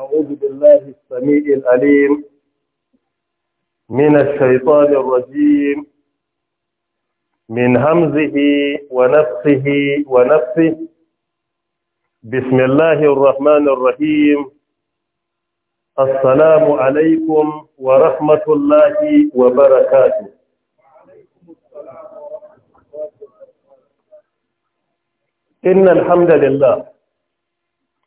أعوذ بالله السميع العليم من الشيطان الرجيم من همزه ونفسه ونفسه بسم الله الرحمن الرحيم السلام عليكم ورحمة الله وبركاته إن الحمد لله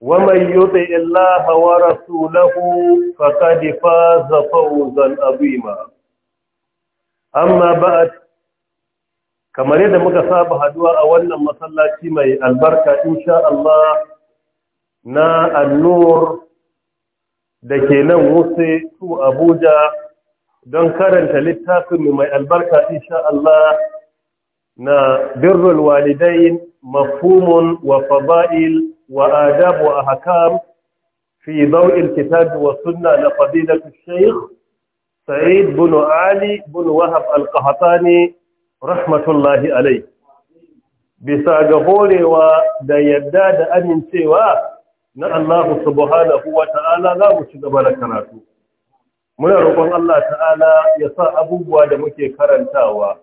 ومن يطع الله ورسوله فقد فاز فوزا عظيما اما بعد kamar yadda muka saba haduwa a wannan masallaci mai albarka insha Allah na annur da ke nan wuse su Abuja don karanta littafin mai albarka insha Allah na birrul walidain mafhumun wa fada'il wa adab wa ahkam fi daw'il kitab wa sunna na ash shaykh sa'id bin ali bin wahab al-qahtani rahmatullahi alayh bisa ga horewa da yadda da amincewa na Allah subhanahu wa ta'ala za mu ci gaba da karatu muna roƙon Allah ta'ala ya sa abubuwa da muke karantawa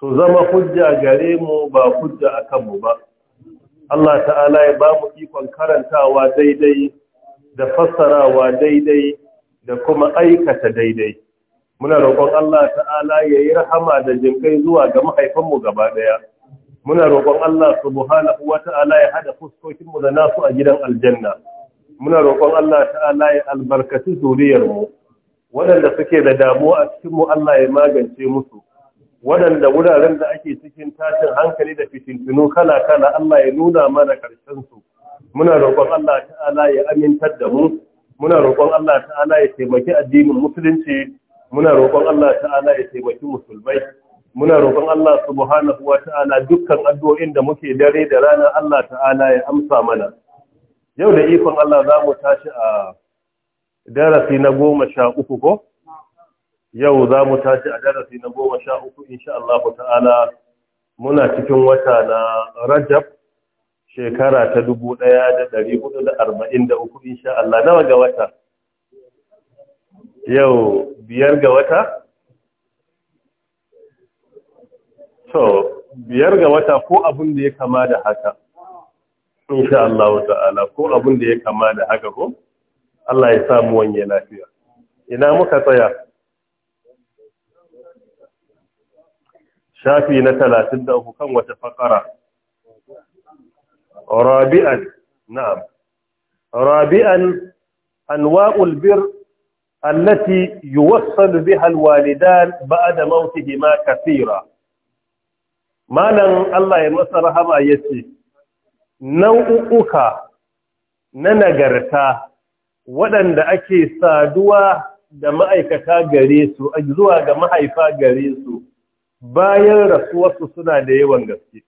su zama hujja gare mu ba hujja a kanmu ba Allah ta'ala ya ba mu ikon karantawa daidai da fassarawa daidai da kuma aikata daidai muna roƙon Allah ta'ala ya yi rahama da jinkai zuwa ga mahaifanmu gaba ɗaya muna roƙon Allah subhanahu wa ta'ala ya haɗa fuskokinmu da nasu a gidan aljanna muna roƙon Allah ta'ala ya albarkaci zuriyarmu waɗanda suke da damuwa a cikinmu Allah ya magance musu waɗanda wuraren da ake cikin tashin hankali da fitintunu kala-kala Allah ya nuna mana su. muna roƙon Allah ta'ala ya amintar da mu muna roƙon Allah ta'ala ya taimaki addinin musulunci muna roƙon Allah ta'ala ya taimaki musulmai muna roƙon Allah subhanahu wa ta'ala dukkan addu'o'in da muke dare da rana Allah ta'ala ya amsa mana yau da ikon Allah za mu tashi a darasi na goma sha uku ko yau za mu tashi a darasi na goma sha uku insha Allah ta'ala muna cikin wata na Rajab shekara ta dubu ɗaya da ɗari hudu da arba'in da uku insha Allah nawa ga wata yau biyar ga wata to biyar ga wata ko abin da ya kama da haka insha Allah ta'ala ko abin da ya kama da haka ko Allah ya samu wanye lafiya ina muka tsaya shafi na talatin da uku kan wata faƙara. rabi'an na'am rabi'an anwa'ul bir allati yuwassalu biha alwalidan ba'da mautihima kathira malan Allah ya masa ya ce. nau'uka na nagarta waɗanda ake saduwa da ma'aikata gare su zuwa ga mahaifa gare su bayan rasuwarsu suna da yawan gaske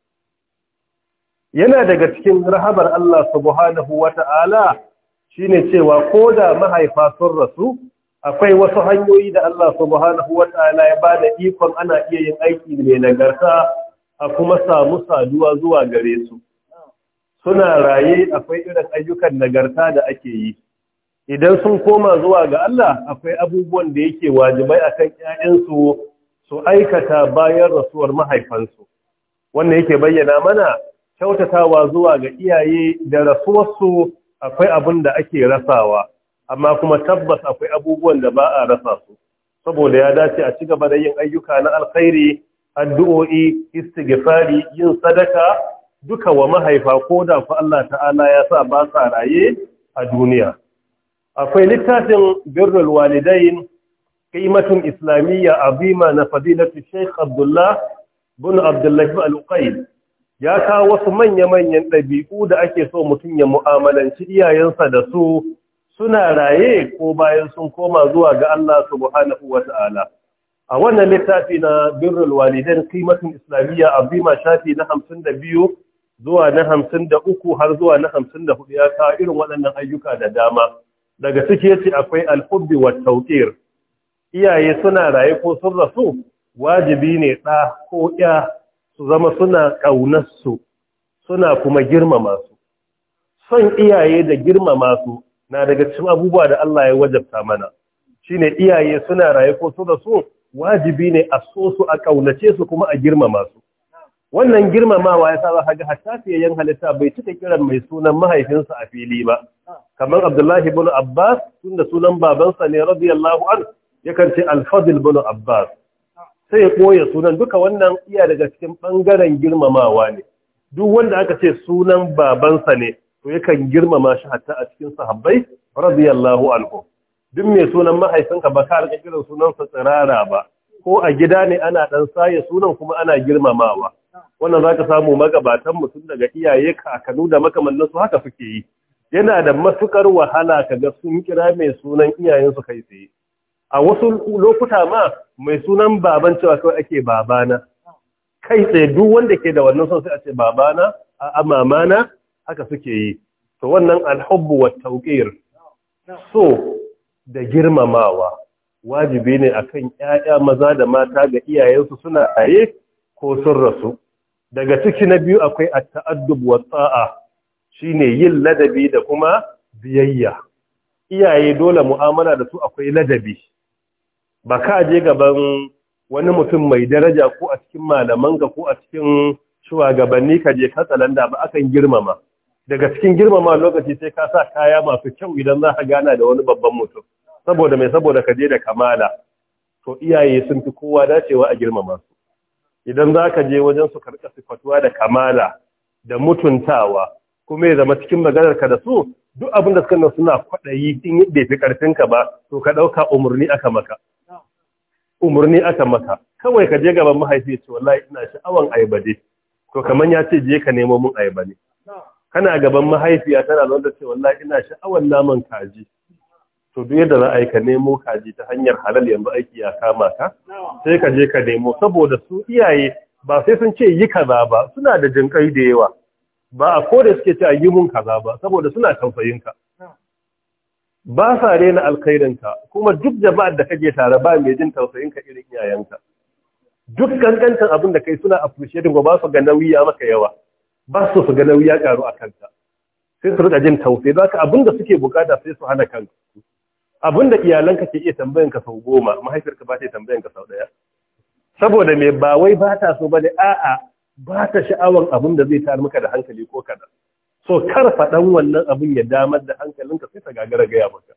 yana daga cikin rahabar Allah subhanahu wata'ala shine cewa ko da mahaifa sun rasu akwai wasu hanyoyi da Allah subhanahu ta’ala ya ba da ikon ana iya yin aiki mai nagarta a kuma samu saduwa zuwa gare su suna raye akwai irin ayyukan nagarta da ake yi idan sun koma zuwa ga Allah akwai abubuwan da yake wajibai akan 'ya'yansu su aikata bayan rasuwar mahaifansu wanda yake bayyana mana kyautatawa zuwa ga iyaye da rasuwarsu akwai abin da ake rasawa amma kuma tabbas akwai abubuwan da ba a rasa su saboda ya dace a ci gaba da yin ayyuka na alkhairi addu'o'i istighfari yin sadaka duka wa mahaifa ko da ku Allah ta'ala ya sa ba sa raye a duniya akwai littafin birrul walidain قيمة islamiyya عظيمة na الشيخ عبد الله بن عبد al القيل ya kawo wasu manya-manyan ɗabi'u da ake so mutum ya mu'amalanci iyayensa da su suna raye ko bayan sun koma zuwa ga Allah subhanahu wa ta'ala. A wannan littafi na birrul walidan kaimatin islamiyya abima shafi na hamsin da biyu zuwa na hamsin da uku har zuwa na hamsin da hudu ya kawo irin waɗannan ayyuka da dama. Daga ciki ce akwai alhubbi wa tauƙir. iyaye suna raye ko sun rasu wajibi ne ɗa ko ya su zama suna ƙaunarsu suna kuma girmama su son iyaye da girmama su na daga cikin abubuwa da Allah ya wajabta mana shine iyaye suna raye ko su rasu wajibi ne a so su a ƙaunace su kuma a girmama su wannan girmamawa ya sa ga hatta yan halitta bai cika kiran mai sunan mahaifinsa a fili ba kamar Abdullahi ibn Abbas tunda sunan babansa ne radiyallahu anhu yakan ce alfadil bin abbas sai ya koya sunan duka wannan iya daga cikin ɓangaren girmamawa ne duk wanda aka ce sunan babansa ne to yakan girmama shi hatta a cikin sahabbai radiyallahu anhu duk mai sunan mahaifinka ba ka rika kiran sunansa tsirara ba ko a gida ne ana dan saye sunan kuma ana girmamawa wannan za ka samu magabatan mutum daga iyaye kakanu da su haka suke yi yana da matukar wahala ka ga sun kira mai sunan iyayensu kai tsaye a wasu lokuta ma mai sunan baban cewa kawai ake babana kai tsaye duk wanda ke da wannan son sai a ce babana a amamana haka suke yi to wannan alhubbu wa so da girmamawa wajibi ne akan ƴaƴa maza da mata ga iyayensu suna aye ko sun rasu daga ciki na biyu akwai at-ta'addub wa ta'a shine yin ladabi da kuma biyayya iyaye dole mu'amala da su akwai ladabi ba ka je gaban wani mutum mai daraja ko a cikin malaman ga ko a cikin shugabanni ka je katsalanda ba akan girmama daga cikin girmama lokaci sai ka sa kaya masu kyau idan za ka gana da wani babban mutum saboda mai saboda ka je da kamala to iyaye sun fi kowa dacewa a girmama su idan za ka je wajen su karɓa sifatuwa da kamala da mutuntawa kuma ya zama cikin maganar ka da su duk abin da suka suna kwaɗayi in bai fi ka ba to ka ɗauka umarni aka maka umarni aka maka kawai ka je gaban mahaifi ce wallahi ina sha'awan aibade to kaman ya ce je ka nemo mun aibade kana gaban ya tana zo da ce wallahi ina sha'awan naman kaji to duk yadda za a yi ka nemo kaji ta hanyar halal yanzu aiki ya kama ka sai ka je ka nemo saboda su iyaye ba sai sun ce yi kaza ba suna da jinkai da yawa ba a koda suke ce a yi mun kaza ba saboda suna tausayin ka ba sa rena alkhairinka kuma duk jama'ar da kake tare ba mai jin tausayin ka irin iyayenka duk kankantan abin da kai suna appreciating ba su ga nauyi maka yawa ba su su ga nauyi karu a kanka sai su rika jin tausayi zaka abin da suke bukata sai su hana kanka abin da iyalanka ke iya tambayan ka sau goma mahaifiyarka ba ta tambayan ka sau daya saboda me ba wai ba ta so ne, a'a ba ta sha'awan abin da zai tar maka da hankali ko kada so kar faɗan wannan abin ya damar da hankalinka sai ta gagara gaya maka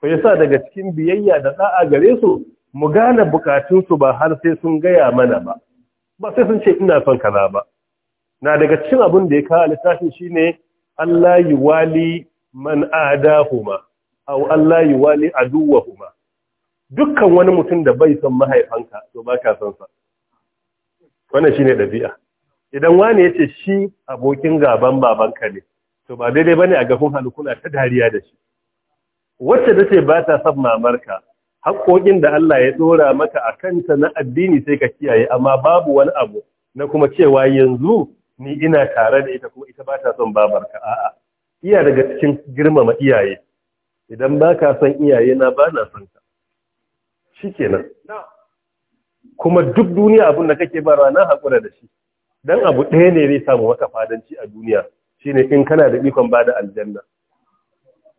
ko yasa daga cikin biyayya da da'a gare su mu gane bukatunsu ba har sai sun gaya mana ba ba sai sun ce ina son kaza ba na daga cikin abin da ya kawo littafin shine Allah yi wali man huma au Allah yi wali aduwahuma dukkan wani mutum da bai son mahaifanka to ba ka son sa wannan shine dabi'a idan wani ya ce shi abokin gaban babanka ne to ba daidai bane a gafin halukuna ta dariya da shi wacce ta ce ba ta son mamarka haƙoƙin da Allah ya tsora maka a kanta na addini sai ka kiyaye amma babu wani abu na kuma cewa yanzu ni ina tare da ita kuma ita ba ta son babarka a'a iya daga cikin girmama iyaye idan ba ka son iyaye na ba na son ka shikenan kuma duk duniya abin da kake ba na haƙura da shi dan abu ɗaya ne zai samu wata fadanci a duniya shine in kana da ikon ba da aljanna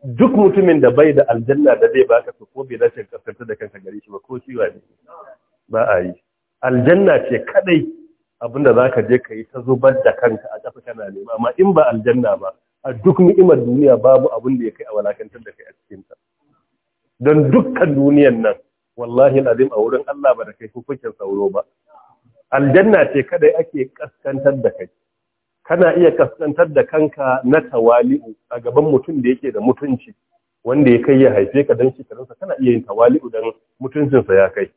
duk mutumin da bai da aljanna da zai baka su ko bai dace kaskantar da kanka gare shi ba ko ciwa ne ba a yi aljanna ce kadai abinda za ka je ka yi ta zubar da kanka a kafa kana nema amma in ba aljanna ba a duk ni'imar duniya babu abin da ya kai a walakantar da kai a cikin ta don dukkan duniyan nan wallahi alazim a wurin Allah ba da kai hukuncin sauro ba aljanna ce kada ake kaskantar da kai kana iya kaskantar da kanka na tawali'u a gaban mutum da yake da mutunci wanda ya kai ya haife ka dan shekarunsa kana iya yin tawali'u dan mutuncinsa ya kai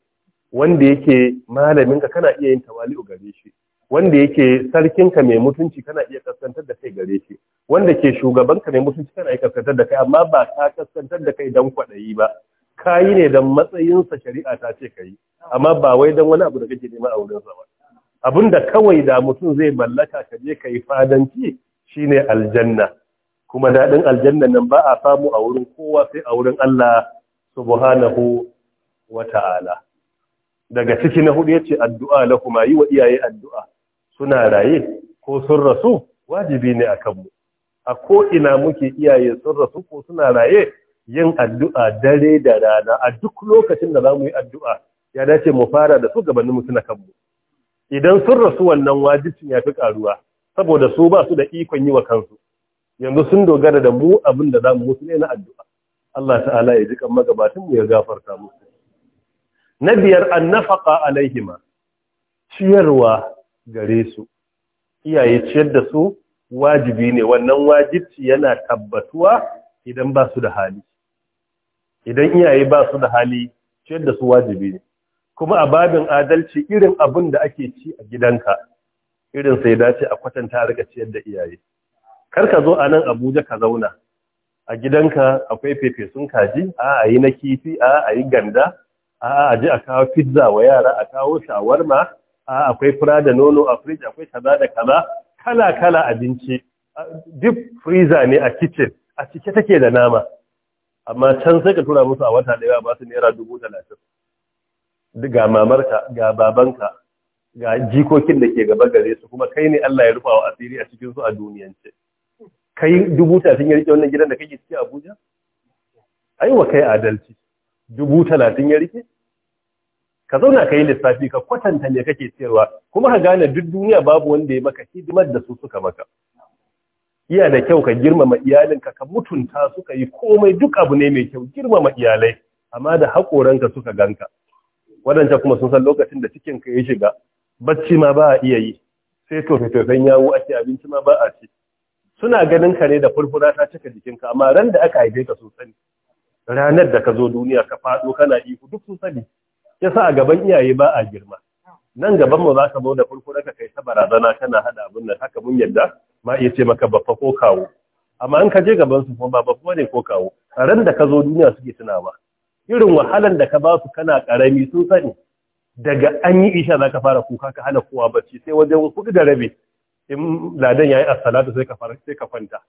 wanda yake malaminka kana iya yin tawali'u gare shi wanda yake sarkinka mai mutunci kana iya kaskantar da kai gare shi wanda ke shugabanka mai mutunci kana iya kaskantar da kai amma ba ka kaskantar da kai dan kwaɗayi ba kayi ne don matsayinsa shari'a ta ce ka yi amma ba wai don wani abu da kake nema a wurinsa ba abin da kawai da mutum zai mallaka ka je ka yi fadanci shine aljanna kuma daɗin aljanna nan ba a samu a wurin kowa sai a wurin Allah subhanahu wa ta'ala daga ciki na hudu yace addu'a lakuma yi wa iyaye addu'a suna raye ko sun rasu wajibi ne a kanmu, a ko ina muke iyaye sun rasu ko suna raye yin addu'a dare da rana a duk lokacin da za mu yi addu'a ya dace mu fara da su gabaninmu na kanmu idan sun rasu wannan wajibcin ya fi ƙaruwa saboda su ba su da ikon yi wa kansu yanzu sun dogara da mu abin da za mu mutu ne na addu'a Allah ta'ala ya ji kan mu ya gafarta musu na biyar an nafaka alaihima ciyarwa gare su iyaye ciyar da su wajibi ne wannan wajibci yana tabbatuwa idan ba su da hali idan iyaye ba su da hali ciyar da su wajibi ne kuma a babin adalci irin abin da ake ci a gidanka irin sai dace a kwatanta a rika ciyar da iyaye kar ka zo a nan abuja ka zauna a gidanka akwai fefesun kaji a a yi na kifi a a yi ganda a a ji a kawo pizza wa yara a kawo shawarma a akwai fura da nono a fridge akwai kaza da kaza kala kala abinci duk freezer ne a kitchen a cike take da nama amma can sai ka tura musu a wata ɗaya ba su naira dubu talatin ga mamarka ga babanka ga jikokin da ke gaba gare su kuma kai ne Allah ya rufa wa asiri a cikin su a duniyance kai dubu talatin ya rike wannan gidan da kake ciki a Abuja Aiwa kai adalci dubu talatin ya rike ka zauna ka yi lissafi ka kwatanta ne kake cewa kuma ka gane duk duniya babu wanda ya maka hidimar da su suka maka iya da kyau ka girmama iyalinka ka mutunta su ka yi komai duk abu ne mai kyau girmama iyalai amma da haƙoranka suka ganka waɗanda kuma sun san lokacin da cikin cikinka ya shiga bacci ma ba a iya yi sai tofe san yawo ake abinci ma ba a ci suna ganin ka ne da furfura ta cika jikinka amma ran da aka haife ka sun sani ranar da ka zo duniya ka faɗo kana ihu duk sun sani yasa a gaban iyaye ba a girma nan gaban mu za ka zo da furfura ka kai ta barazana kana hada abin nan haka mun yadda ma iya ce maka baffa ko kawo amma in ka je gaban su kuma ba baffa ne ko kawo ran da ka zo duniya suke tunawa irin wahalan da ka ba su kana karami sun sani daga an yi isha za ka fara kuka ka hana kowa bacci sai wajen kudu da rabe in ladan ya yi assalatu sai ka fara sai ka kwanta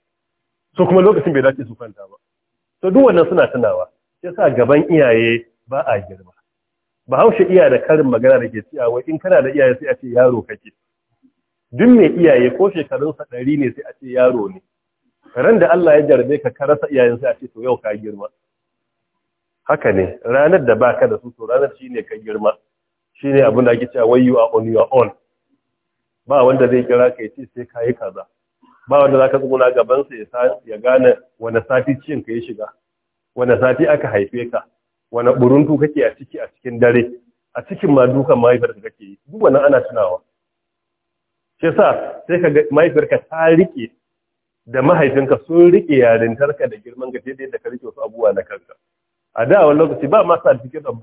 so kuma lokacin bai dace su kwanta ba to duk wannan suna tunawa sa gaban iyaye ba a girma Ba haushe iya da karin magana da ke cewa in kana da iyaye sai a ce yaro kake duk mai iyaye ko shekarunsa ɗari ne sai a ce yaro ne ran da Allah ya jarabe ka ka rasa iyayen sai a ce to yau ka girma haka ne ranar da baka da su to ranar shine ka girma shine abin da ake cewa Wayu, you on your own ba wanda zai kira ka yace sai kai kaza ba wanda zaka tsuguna gaban sa ya gane wani sati cin ka ya shiga wani sati aka haife ka wani buruntu kake a ciki a cikin dare a cikin ma dukan mahaifar da kake yi duk wannan ana tunawa shi sa sai ka ga mahaifiyarka ta rike da mahaifinka sun rike yarintarka da girman ga daidai da ka rike wasu abubuwa na kanka a da wani lokaci ba ma sa of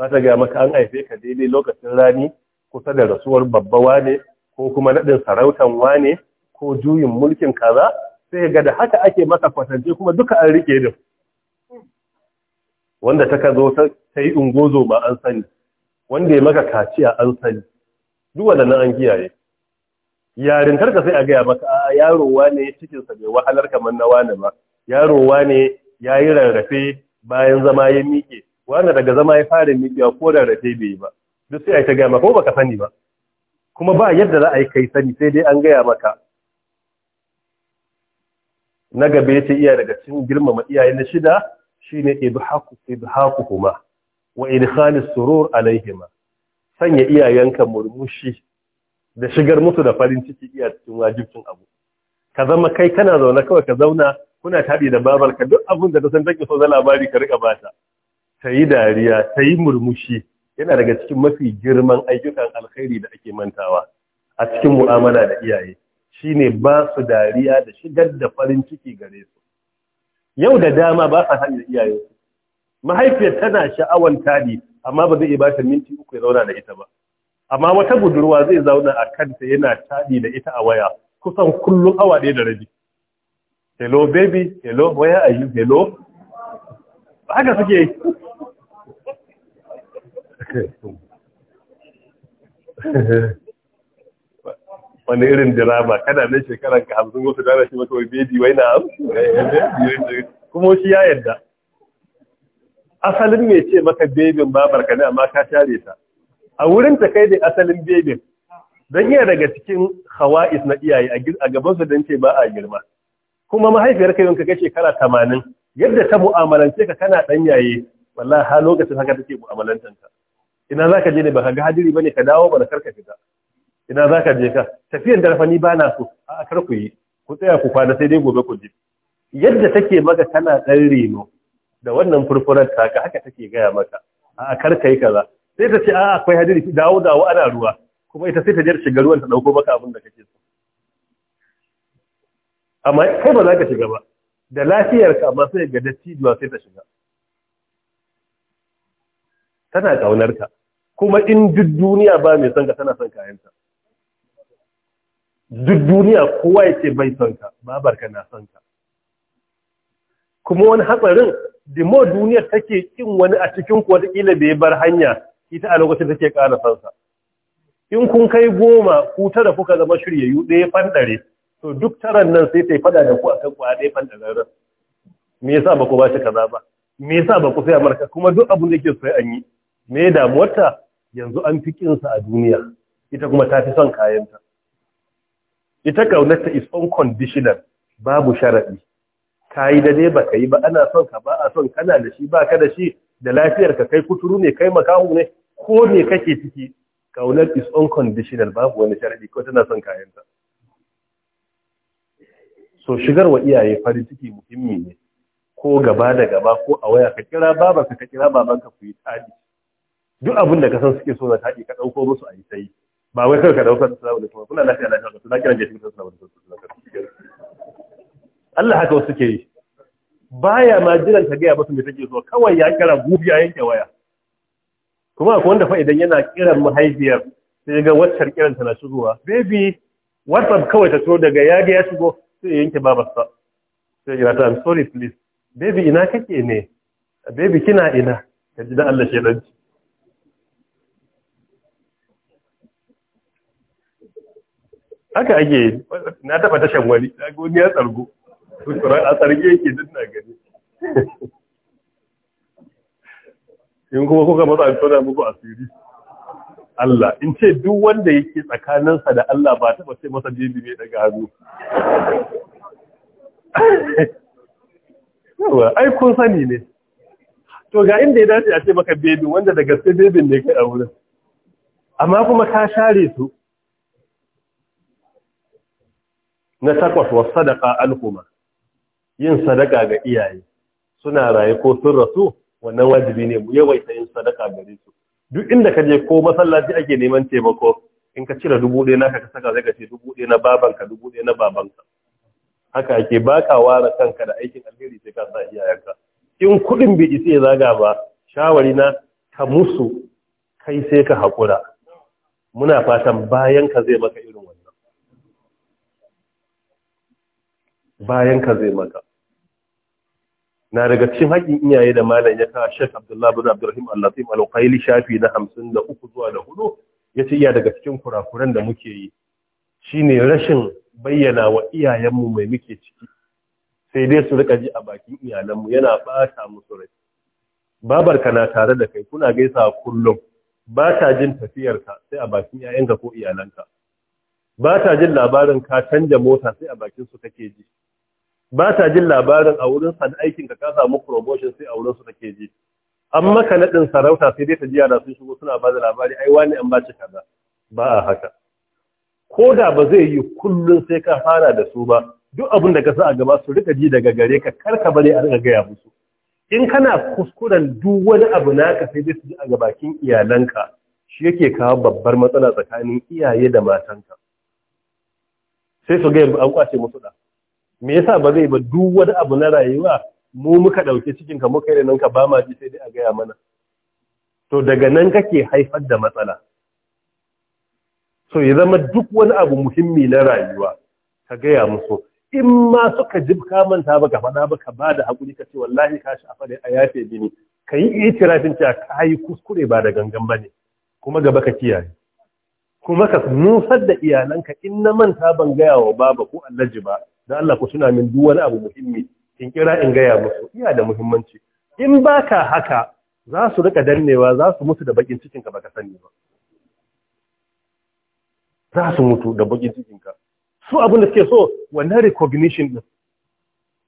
za ta gaya maka an haife ka daidai lokacin rani kusa da rasuwar babba wane ko kuma naɗin sarautan wane ko juyin mulkin kaza sai ga da haka ake maka kwatance kuma duka an rike din wanda ta ka zo ta yi ungozo ma an sani wanda ya maka kaciya an sani duk waɗannan an kiyaye yarintar ka sai a gaya maka a yaro wane cikinsa bai wahalar kamar na wane ba yaro wane ya yi rarrafe bayan zama ya miƙe wane daga zama ya fara miƙewa ko rarrafe bai yi ba duk sai a ta gaya maka ko baka sani ba kuma ba yadda za a yi kai sani sai dai an gaya maka na gaba yace iya daga cikin girmama iyaye na shida shine ibhaku kuma wa idkhalis surur alaihima sanya iyayenka murmushi da shigar musu da farin ciki iya cikin wajibcin abu ka zama kai kana zaune kawai ka zauna kuna taɗi da babarka duk abin da ta san take so za labari ka rika bata ta yi dariya ta yi murmushi yana daga cikin mafi girman ayyukan alkhairi da ake mantawa a cikin mu'amala da iyaye shine ba su dariya da shigar da farin ciki gare su yau da dama ba sa da iyayensu mahaifiyar tana sha'awan tadi amma ba zai iya ba ta minti uku ya zauna da ita ba amma wata budurwa zai zauna a kanta yana taɗi da ita a waya kusan kullum awa ɗaya da rabi hello baby hello where are you hello haka suke yi wani irin dirama kada ne shekaran ka hamsin wasu dana shi mata wai baby wai na kuma shi ya yadda asalin mai ce maka bebin babar ka ne amma ka share ta a wurin ta kai da asalin bebin don iya daga cikin hawa'is na iyaye a gabansu don ce ba a girma kuma mahaifiyar kai ka ga shekara tamanin yadda ta mu'amalance ka kana yaye, walla ha lokacin haka take mu'amalantar ka ina ka je ne ba ka ga hadiri ne. ka dawo ba da karka fita ina za ka je ka tafiyan darfa ni na so a kar ku yi ku tsaya ku kwana sai dai gobe ku je yadda take maka kana dan reno da wannan furfurar taka haka take gaya maka a kar ka yi kaza sai ta ce a akwai hadiri dawo dawo ana ruwa kuma ita sai ta jar shiga ruwan ta dauko maka abin da kake so amma kai ba za ka shiga ba da lafiyarka amma sai ga dattijuwa sai ta shiga tana ƙaunarka kuma in duk duniya ba mai son ka tana son kayanta duk duniya kowa ya bai son ka babarka na son ka kuma wani hatsarin dimo duniyar take kin wani a cikin kuwa kila bai bar hanya ita a lokacin take ƙara sansa in kun kai goma ku tara kuka zama shiryayyu ɗaya fandare to duk taran nan sai ta yi fada da ku a kan kwa ɗaya ran me yasa ba ku ba shi kaza ba me yasa ba ku sai amarka kuma duk abin da yake so an yi me damuwarta yanzu an fi kinsa a duniya ita kuma ta fi son kayanta ita ƙaunarta is unconditional babu sharaɗi ka yi da ne ba ka yi ba ana son ka ba a son kana da shi ba ka da shi da lafiyarka kai kuturu ne kai makahu ne ko me kake ciki kaunar is unconditional babu wani sharadi ko tana son kayanta so shigar wa iyaye farin ciki muhimmi ne ko gaba da gaba ko a waya ka kira baba ka kira babanka ku yi tadi duk abin da ka san suke so na tadi ka dauko musu a yi sai ba wai kai ka dauka da salamu alaikum kuna lafiya lafiya ka tuna kiran jefi salamu alaikum Allah haka wasu ke yi baya ma jiran ka gaya musu me take so kawai ya kira gubiya yanke waya kuma akwai wanda fa idan yana kiran mahaifiyar sai ga wacce kiran tana shigowa baby whatsapp kawai ta tso daga ya ga ya shigo sai yanke babarsa sai ya ta i'm sorry please baby ina kake ne baby kina ina ka ji da Allah shedanci haka ake na taba tashan wani wani ya tsargo a tsarge yake duk na gani in kuma kuka matsa an tona muku asiri Allah in ce duk wanda yake tsakaninsa da Allah ba ta ce masa jini mai daga hannu ai kun sani ne to ga inda ya dace a ce maka bebin wanda da gaske bebin ne kai a wurin amma kuma ka share su na takwas wa sadaka alhuma yin sadaka ga iyaye suna raye ko sun rasu wannan wajibi ne mu yawaita yin sadaka gare su duk inda ka je ko masallaci ake neman taimako in ka cire dubu ɗaya naka ka saka zai ka ce dubu ɗaya na babanka dubu ɗaya na babanka haka ake baka ware kanka da aikin alheri sai ka sa iyayenka in kuɗin bai isa ya zaga ba shawari na ka musu kai sai ka haƙura muna fatan bayan ka zai maka irin wannan bayan ka zai maka na daga cikin haƙƙin iyaye da malam ya kawo Sheikh Abdullahi bin Abdulrahim Al-Latif Al-Qaili shafi na 53 zuwa da 4 yace iya daga cikin kurakuran da muke yi shine rashin bayyana wa iyayenmu mai muke ciki sai dai su rika ji a bakin iyalanmu yana bata musu rai babarka na tare da kai kuna gaisa kullum ba ta jin tafiyarka sai a bakin iyayenka ko iyalanka ba ta jin labarin ka canja mota sai a bakin su kake ji ba ta jin labarin a wurin sa aikin ka ka samu promotion sai a wurin su take ji an maka nadin sarauta sai dai ta ji yara sun shigo suna ba da labari ai wani an bace kaza ba a haka ko da ba zai yi kullun sai ka fara da su ba duk abin da ka sa a gaba su rika ji daga gare ka kar ka bari a rika gaya musu in kana kuskuren duk wani abu naka sai dai su ji a gabakin iyalanka shi yake kawo babbar matsala tsakanin iyaye da matanka sai su ga an kwace musu da me yasa ba zai ba duk wani abu na rayuwa mu muka ɗauki cikin ka muka yi ka ba ma ji sai dai a gaya mana to daga nan kake haifar da matsala so ya zama duk wani abu muhimmi na rayuwa ka gaya musu in ma suka ji ka manta ba ka faɗa ba ka ba da haƙuri ka ce wallahi ka shi a a yafe bini ka yi itirafin cewa ka yi kuskure ba da gangan ba ne kuma gaba ka kiyaye kuma ka nusar da iyalanka in na manta ban gaya wa baba ko allaji ba da Allah ku suna min duwani wani abu muhimmi in kira in gaya musu iya da muhimmanci in baka haka za su rika dannewa za su mutu da bakin cikinka baka sani ba za su mutu da bakin cikinka su abin da suke so wannan recognition din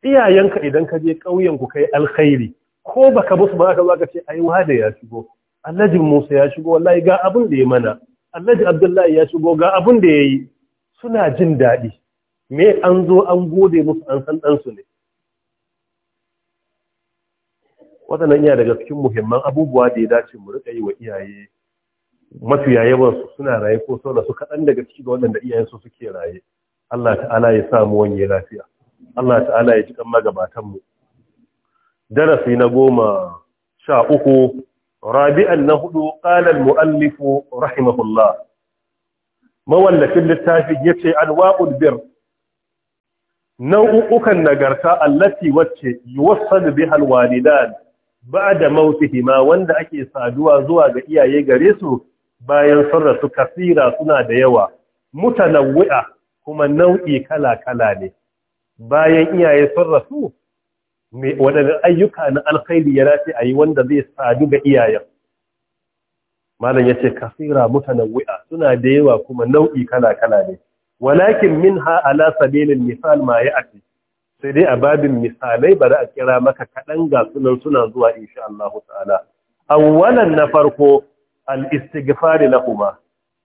iyayenka idan ka je ƙauyen ku kai alkhairi ko baka musu ba za ka ce ai wada ya shigo Alhaji Musa ya shigo wallahi ga abin da ya mana Alhaji Abdullahi ya shigo ga abin da yayi suna jin daɗi me an zo an gode musu an san ɗansu ne waɗannan iya daga cikin muhimman abubuwa da ya dace mu riƙa yi wa iyaye mafiya yawansu suna raye ko sau da su kaɗan daga ciki ga waɗanda su suke raye Allah ta'ala ya sa mu wanye lafiya Allah ta'ala ya ji kan mu darasi na goma sha uku rabi'an na hudu ƙalar mu'allifu rahimahullah mawallafin littafin ya ce alwa'ul nau'ukan nagarta allati wacce bi biha alwalidan ba'da mautihima wanda ake saduwa zuwa ga iyaye gare su bayan sun rasu kasira suna da yawa mutanawwi'a kuma nau'i kala-kala ne bayan iyaye sun rasu waɗannan ayyuka na alkhairi ya rafi a yi wanda zai sadu ga iyayen malam ya ce kasira mutanawwi'a suna da yawa kuma nau'i kala-kala ne walakin minha ala sabilil misal ma ya'ti sai dai a babin misalai bari a kira maka kaɗan ga sunan suna zuwa insha Allah ta'ala awwalan na farko al-istighfar lahuma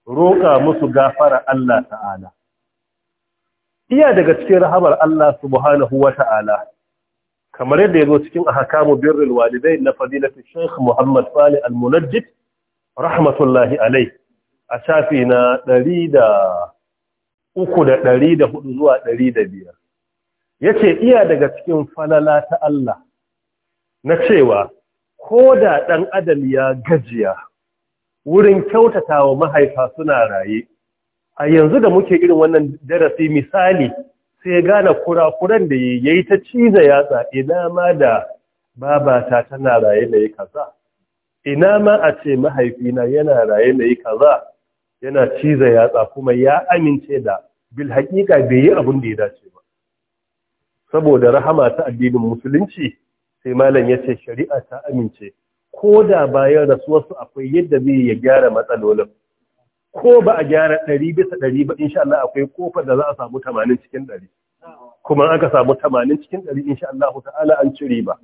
roƙa musu gafara Allah ta'ala iya daga cikin rahamar Allah subhanahu wa ta'ala kamar yadda yazo cikin ahkamu birrin walidai na fadilatu Sheikh Muhammad Salih Al-Munajjid rahmatullahi alayh a shafi na ɗari da. uku da ɗari da hudu zuwa ɗari da biyar ya ce iya daga cikin falala ta Allah na cewa ko da ɗan adam ya gajiya wurin kyautata wa mahaifa suna raye a yanzu da muke irin wannan darasi misali sai gane kurakuran da ya yi ta ciza yatsa ina ma da babata tana raye na yi kaza ina ma a ce mahaifina yana raye na yi kaza yana ciza yatsa kuma ya amince da bil haƙiƙa bai yi abin da ya dace ba saboda rahama ta addinin musulunci sai malam ya ce shari'a ta amince ko da bayan rasuwarsu akwai yadda zai ya gyara matsalolin ko ba a gyara ɗari bisa ɗari ba insha Allah akwai kofar da za a samu tamanin cikin ɗari. kuma aka samu tamanin cikin ɗari insha Allah ta'ala an cire ba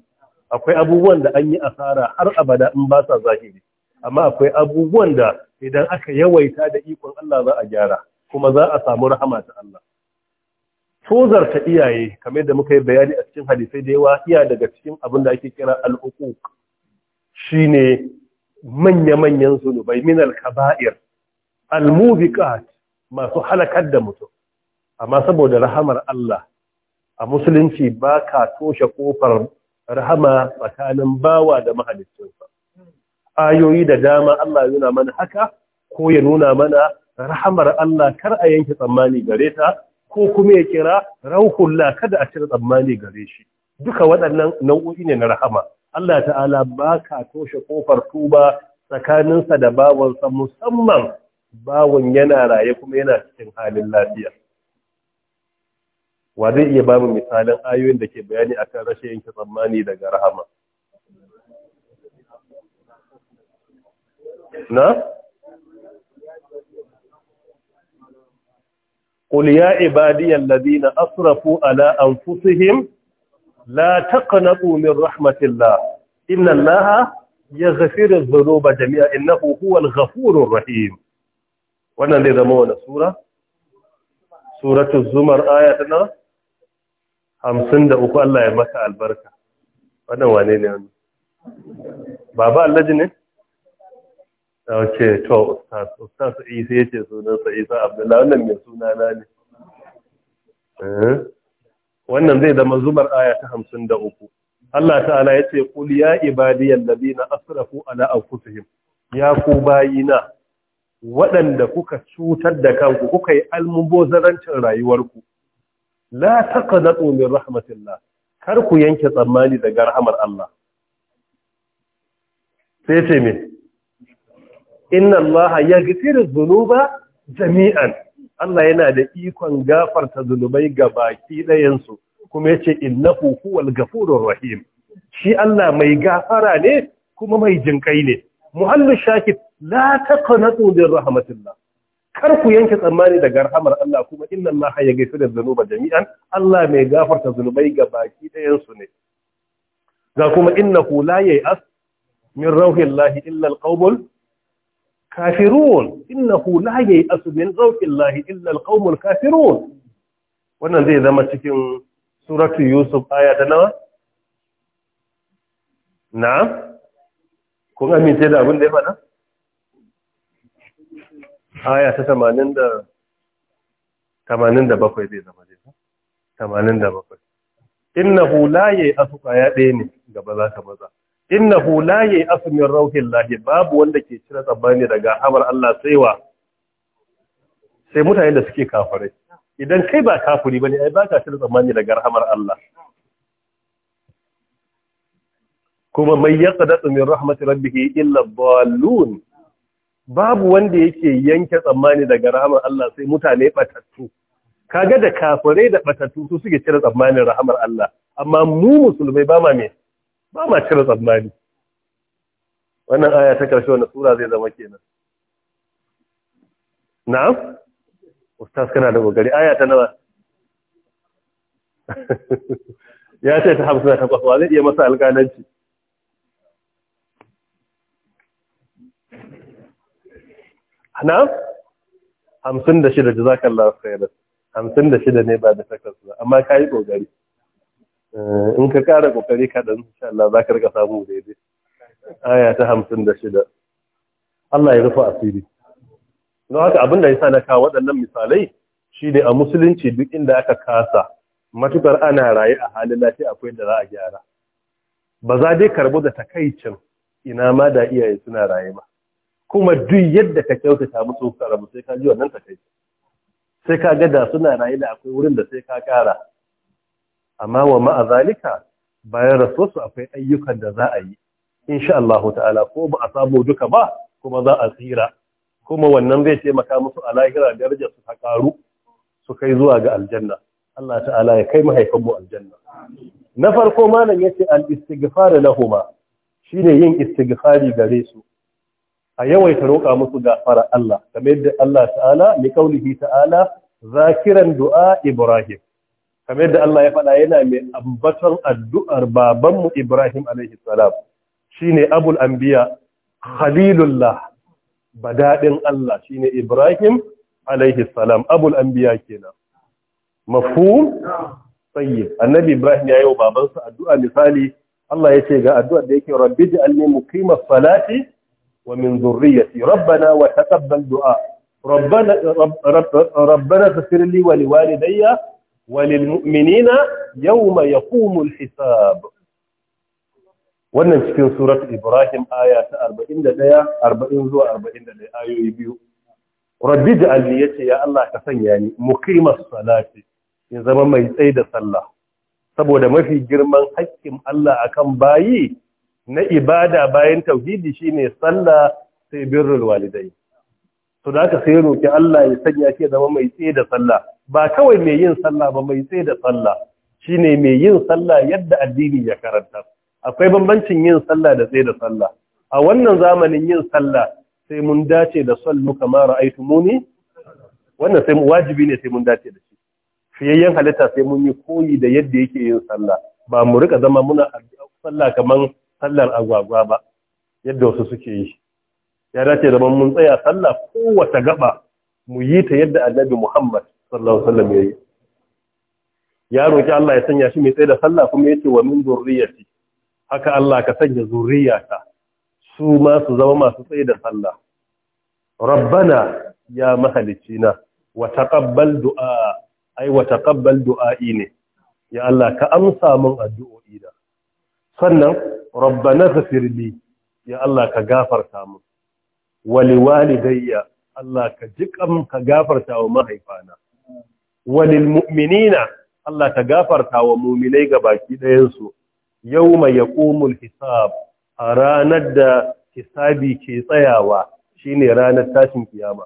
akwai abubuwan da an yi asara har abada in ba sa zahiri amma akwai abubuwan da idan aka yawaita da ikon Allah za a gyara kuma za a samu rahama ta Allah ta iyaye kamar da muka yi bayani a cikin hadisai da yawa iya daga cikin abin da ake kira shi shine manya-manyan zunubai min al-kaba'ir al-mubiqat masu halakar da mutum amma saboda rahamar Allah a musulunci ba ka toshe ƙofar rahama tsakanin bawa da mahalicinsa. ayoyi da dama Allah ya nuna mana haka ko ya nuna mana rahamar Allah kar a yanke tsammani gare ta ko kuma ya kira rauhullah kada a cire tsammani gare shi duka waɗannan nau'o'i ne na rahama Allah ta'ala ba ka toshe kofar tuba tsakaninsa da bawansa musamman bawon yana raye kuma yana cikin halin lafiya wa zai iya bamu misalin ayoyin da ke bayani akan rashin yanke tsammani daga rahama na قل يا عبادي الذين أسرفوا على أنفسهم لا تقنطوا من رحمة الله إن الله يغفر الذنوب جميعا إنه هو الغفور الرحيم وانا لذمونا سورة سورة الزمر آياتنا hamsin da uku Allah ya maka albarka wannan wane ne wani baba allaji ne ta to ustaz isa ya ce sunansa isa abdullahi wannan mai suna na ne eh? wannan zai zama zubar aya ta hamsin da uku Allah ta'ala ya ce Kul ya labi na asrafu ala kusuhim, ya ku na? waɗanda kuka cutar da kanku kuka yi almubozarancin rayuwarku la taqnatu min rahmatillah kar ku yanke tsammani daga rahamar Allah sai ce me inna allaha yaghfiru dhunuba jami'an Allah yana da ikon gafarta zunubai ga baki ɗayansu kuma yace innahu huwal ghafurur rahim shi Allah mai gafara ne kuma mai jinkai ne muhallu shakit la taqnatu min rahmatillah kar ku yanke tsammani daga rahmar Allah kuma inna allaha yaghfiru dhunuba jami'an Allah mai gafarta zunubai ga baki ɗayansu ne ga kuma innahu la yai'as min rauhillahi illa alqawmul kafirun innahu la yai'asu min zawqillahi illa alqaumul kafirun wannan zai zama cikin suratu yusuf aya ta nawa na kun amince da abin da ya faɗa aya ta 80 da 87 zai zama zai 87 innahu la yai'asu aya ɗaya ne gaba za ka maza hu la asumin rauhin lahi, babu wanda ke cire tsabani daga amar Allah sai sai mutane da suke kafirai idan kai ba kafiri bane ai baka cire tsabani daga rahamar Allah kuma mai yaqdatu min rahmati ke illa dhallun babu wanda yake yanke tsammani daga rahmar Allah sai mutane batattu kaga da kafirai da batattu su suke cire tsammanin rahmar Allah amma mu musulmai ba ma me ba ma cire tsammani wannan aya ta karshe wannan sura zai zama kenan na'am ustaz kana da gogari aya ta nawa ya ce ta hamsin ta kwaswa zai iya masa alƙalanci na hamsin da shida jazakallah lafayar hamsin da shida ne ba da takarsu ba amma ka yi ƙoƙari Eh, in ka kara kokari kaɗan insha Allah za ka rika samu daidai aya ta hamsin da shida Allah ya rufa asiri don haka abin da ya sa na kawo waɗannan misalai shi ne a musulunci duk inda aka kasa matukar ana raye a halin lafiya akwai da za a gyara ba za dai karbo da takaicin ina ma da iyaye suna raye ba kuma duk yadda ka kyautata musu karamu sai ka ji wannan takaicin sai ka ga da suna raye da akwai wurin da sai ka kara amma wa ma'azalika, bayan rasuwarsu akwai ayyukan da za a yi insha Allah ta'ala ko ba a samu duka ba kuma za a tsira kuma wannan zai taimaka musu a lahira yarjar su ta karu su kai zuwa ga aljanna Allah ta'ala ya kai mahaifanmu mu aljanna na farko malam ya yace al-istighfar shi shine yin istighfari gare su a yawaita roƙa musu gafara Allah kamar yadda Allah ta'ala mai qaulihi ta'ala zakiran du'a ibrahim kamar da Allah ya faɗa yana mai ambatan addu'ar babanmu Ibrahim alaihi salam shine abul anbiya khalilullah badadin Allah shine Ibrahim alaihi salam abul anbiya kenan mafhum tayyib annabi Ibrahim ya yi wa babansa addu'a misali Allah ya ce ga addu'a da yake rabbi ja'alni muqimas salati wa min dhurriyyati rabbana wa taqabbal du'a rabbana rabbana tafsir wa liwalidayya walil mu'minina yawma yaqumul hisab wannan cikin surat Ibrahim aya ta 41 40 zuwa 41 ayoyi biyu rabbi ja'alni yace ya Allah ka sanya ni muqimas salati ya zama mai tsayi da sallah saboda mafi girman haƙƙin Allah akan bayi na ibada bayan tauhidi shine sallah sai birrul walidai to da haka sai roki Allah ya sanya shi zama mai tsayi da sallah ba kawai mai yin sallah ba mai tsaye da sallah ne mai yin sallah yadda addini ya karanta akwai bambancin yin sallah da tsaye da sallah a wannan zamanin yin sallah sai mun dace da sallu kama muni? wannan sai wajibi ne sai mun dace da shi fiyayyen halitta sai mun yi koyi da yadda yake yin sallah ba mu rika zama muna sallah kaman sallar agwagwa ba yadda wasu suke yi ya dace da mun tsaya sallah kowace gaba mu yi ta yadda annabi Muhammad sallallahu sallam ya yi. ya roƙi Allah ya sanya shi mai tsaye da sallah kuma yace wa min zurriyati haka Allah ka sanya zurriyata su ma su zama masu tsaye da sallah rabbana ya mahalicina wa taqabbal du'a ai wa taqabbal du'a'i ne ya Allah ka amsa min addu'o'i da sannan rabbana li, ya Allah ka gafarta min wa liwalidayya Allah ka jiƙam ka gafarta wa mahaifana walil mu'minina Allah ta gafarta wa muminai ga baki ɗayansu yau mai ya ƙomul hisab a ranar da hisabi ke tsayawa shine ranar tashin kiyama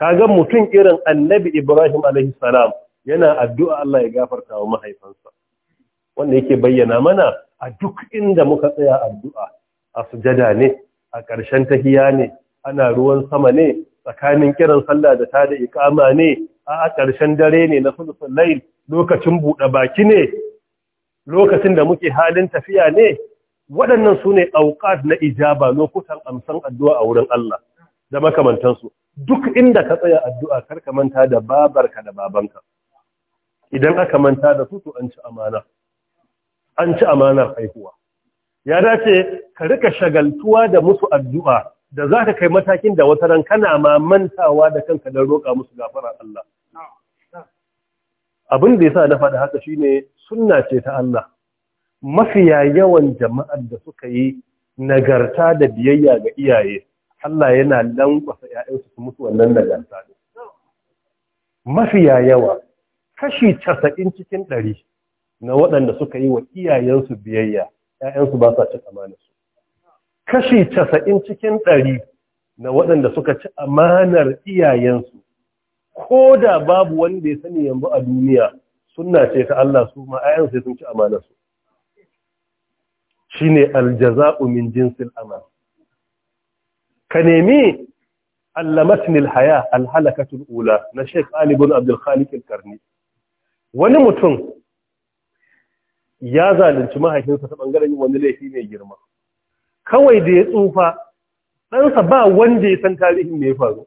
kaga mutum irin annabi ibrahim alaihi salam yana addu'a Allah ya gafarta wa mahaifansa wanda yake bayyana mana a duk inda muka tsaya addu'a a sujada ne a ƙarshen tahiya ne ana ruwan sama ne tsakanin kiran sallah da ta tada ikama ne a ƙarshen dare ne na sulusun lail lokacin buɗe baki ne lokacin da muke halin tafiya ne waɗannan su ne auƙat na ijaba lokutan amsan addu'a a wurin Allah da makamantansu duk inda ka tsaya addu'a kar ka manta da babarka da babanka idan aka manta da su to an ci amana an ci amanar haihuwa ya dace ka rika shagaltuwa da musu addu'a da za ka kai matakin da wata ran kana ma mantawa da kanka don roƙa musu gafara Allah abin da ya sa na faɗa haka shine sunna ce ta Allah mafiya yawan jama'ar da suka yi nagarta da biyayya ga iyaye Allah yana lankwasa ‘ya'yansu su mutu wannan nagarta ne. Mafiya yawa, kashi casa'in cikin ɗari na waɗanda suka yi wa iyayensu biyayya, ‘ya'yansu ba sa ci amanarsu. Kashi casa'in cikin ɗari na waɗanda suka ci amanar iyayensu, ko da babu wanda ya sani yanzu a duniya sunna ce ta Allah su ma ayan sai sun ci amana su shine aljaza'u min jinsil amal ka nemi allamatnil haya alhalakatul ula na Sheikh Ali ibn karni wani mutum ya zalunci mahaifinsa ta bangaren wani laifi mai girma kawai da ya tsufa ɗansa ba wanda ya san tarihin mai ya faru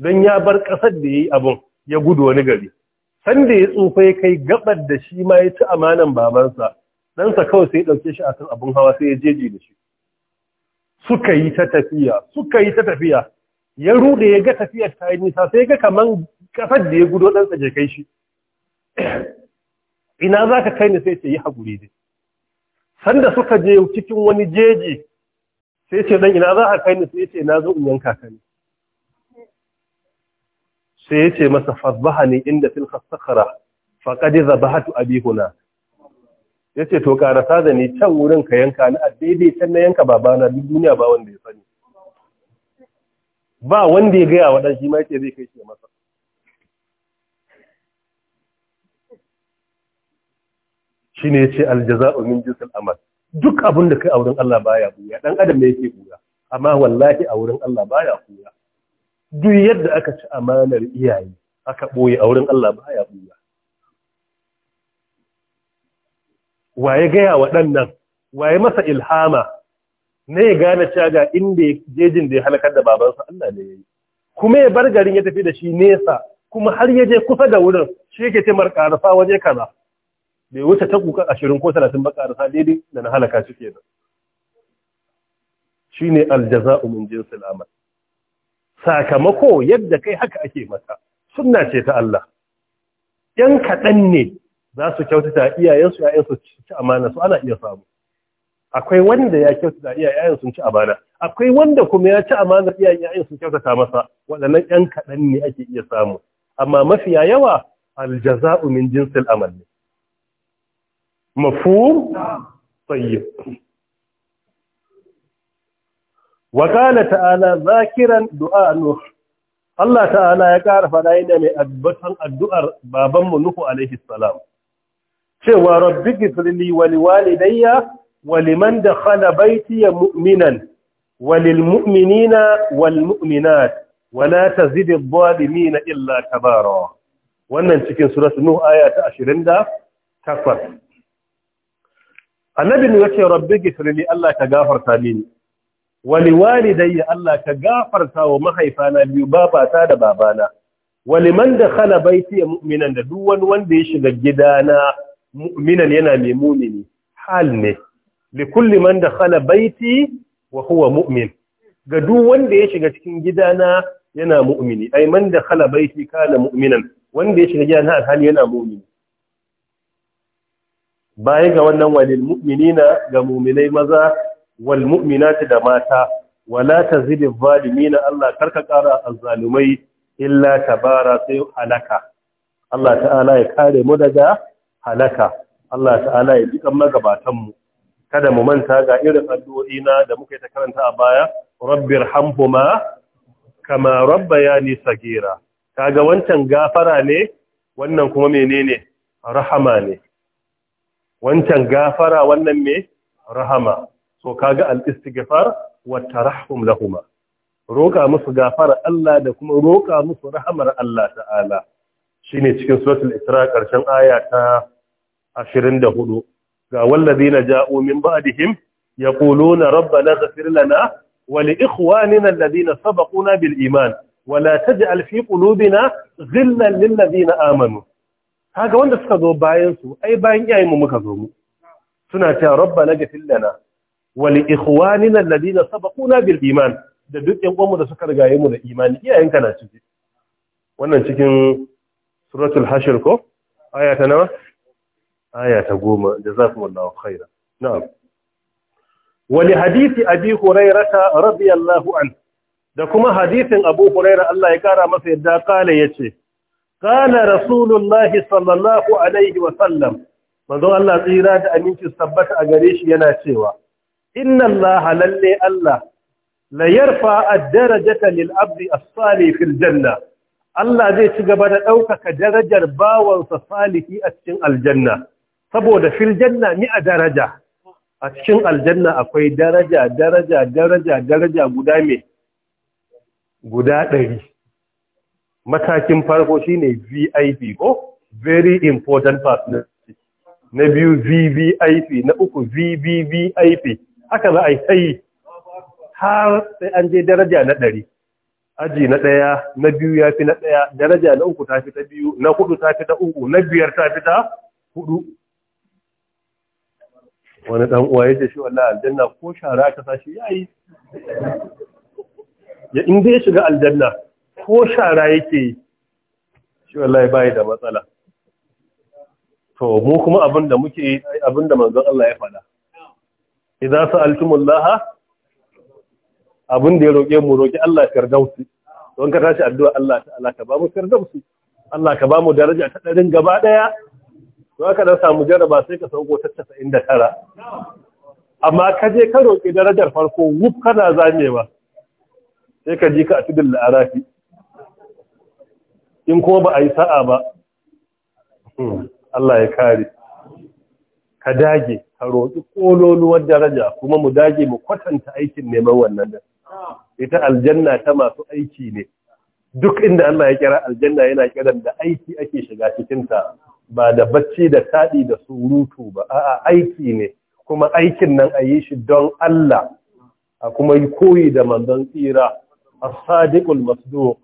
don ya bar ƙasar da ya yi abin ya gudu wani gari sanda ya tsufa ya kai gabar da shi ma ya ci amanan babansa ɗansa kawai sai ya ɗauke shi akan abin hawa sai ya jeji da shi suka yi ta tafiya suka yi ta tafiya ya rude ya ga tafiyar ta yi nisa sai ga kaman ƙasar da ya gudu ɗansa je kai shi ina za ka kai ni sai ce yi haƙuri dai sanda suka je cikin wani jeji sai ce dan ina za a kai ni sai ce na zo in yanka ka ne sai yace masa ne inda fil khasakhara faqad dhabahatu abi huna yace to karasa da ni can wurin ka yanka ni a daidai can na yanka babana duk duniya ba wanda ya sani ba wanda ya gaya wa dan shi ma zai kai shi masa shine yace aljaza'u min jinsil amal duk abin da kai a wurin Allah baya buya dan adam ne yake buya amma wallahi a wurin Allah baya buya duk yadda aka ci amanar iyaye aka ɓoye a wurin Allah ba ya ɓuya waye gaya wa ɗannan? waye masa ilhama Na ya gane caga inda ya jejin da ya halakar da babansa Allah ne ya yi kuma ya bar garin ya tafi da shi nesa kuma har ya je kusa da wurin shi yake ce marƙarasa waje kaza bai wuce ta kuka ashirin ko talatin ba ƙarasa daidai da na halaka shi ne shine aljaza'u min jinsil amal sakamako yadda kai haka ake mata sunna ce ta Allah yan kaɗan ne za su kyautata iyayensu su ci amana su ana iya samu akwai wanda ya kyautata iyayen sun ci amana akwai wanda kuma ya ci amana iyayen sun kyautata masa waɗannan yan kaɗan ne ake iya samu amma mafiya yawa aljaza'u min jinsil amal ne mafhum tayyib wa qala ta'ala zakiran du'a nuh Allah ta'ala ya ƙara faɗa yana mai abbatan addu'ar babanmu Nuhu alaihi salam cewa rabbi gifirli wa liwalidayya wa liman dakhala baytiya mu'minan wa lil mu'minina wal mu'minat wa la tazid dhalimin illa tabara wannan cikin suratul nuh aya ta 28 annabi ne ce rabbi gifirli Allah ka gafarta mini wali walidayya Allah ka gafarta wa mahaifana biyu babata da babana wali man dakhala baiti mu'minan da duk wani wanda ya shiga gidana mu'minan yana mai mu'mini hal ne li kulli man dakhala baiti wa huwa mu'min ga duk wanda ya shiga cikin gidana yana mu'mini ai man dakhala baiti kana mu'minan wanda ya shiga gidana alhali yana mu'mini baya ga wannan walil mu'minina ga mu'minai maza wal da mata wala tazid zalimin Allah karka kara azzalumai illa tabara sai halaka Allah ta'ala ya kare mu daga halaka Allah ta'ala ya jikan magabatan mu kada mu manta ga irin addu'o'i na da muka yi ta karanta a baya rabbirhamhuma kama rabbayani sagira kaga wancan gafara ne wannan kuma menene rahama ne wancan gafara wannan me rahama so kaga al-istighfar wa tarahum lahuma roka musu gafara Allah da kuma roka musu rahmar Allah ta'ala shine cikin suratul isra karshen aya ta 24 ga wallazina ja'u min ba'dihim yaquluna rabbana ighfir lana wa li ikhwanina alladhina sabaquna bil iman wa la taj'al fi qulubina ghillan lil ladina amanu kaga wanda suka zo bayan su ai bayan iyayen muka zo mu suna cewa rabbana ighfir lana wa li ikhwanina saba kuna bil iman da duk 'yan uwanmu da suka rigaye mu da imani iyayenka na ciki wannan cikin suratul hashir ko aya ta nawa aya ta goma wa khaira na'am wa li hadisi abi hurairata radiyallahu an da kuma hadisin abu huraira Allah ya kara masa yadda kala ya ce kala rasulullahi sallallahu alaihi wasallam manzo Allah tsira da aminci tabbata a gare shi yana cewa inna Allah lalle Allah la yarfa ad-darajata lil abdi as-salih fil janna Allah zai ci gaba da ɗaukaka darajar bawansa salihi a cikin aljanna saboda fil janna ni a daraja a cikin aljanna akwai daraja daraja daraja daraja guda me guda ɗari matakin farko shine VIP ko very important partner na biyu VVIP na uku VVVIP haka za a yi sai har sai an je daraja na ɗari aji na ɗaya na biyu ya fi na ɗaya daraja na uku ta fi ta biyu na hudu ta fi ta uku na biyar ta fi ta hudu wani ɗan uwa ya ce shi wallah aljanna ko shara ka sashi ya yi ya inda ya shiga aljanna ko shara yake yi shi wallahi bai da matsala to mu kuma abin da muke abin da manzon Allah ya faɗa idza sa'altumullaha abin da ya roƙe mu roƙi Allah firdausi don ka tashi addu'a Allah ta'ala ka ba mu firdausi Allah ka ba mu daraja ta ɗarin gaba ɗaya to aka da samu jaraba sai ka sauko ta 99 amma ka je ka roƙi darajar farko wuf kana zamewa sai ka ji ka a tudun la'arafi in ko ba a yi sa'a ba hmm, Allah ya kare ka dage ka roƙi ƙololuwar daraja kuma mu dage mu kwatanta aikin neman wannan da ita aljanna ta masu aiki ne duk inda Allah ya kira aljanna yana kiran da aiki ake shiga cikin ta ba da bacci da taɗi da surutu ba a'a aiki ne kuma aikin nan a yi shi don Allah a kuma yi koyi da manzon tsira as-sadiqul masduq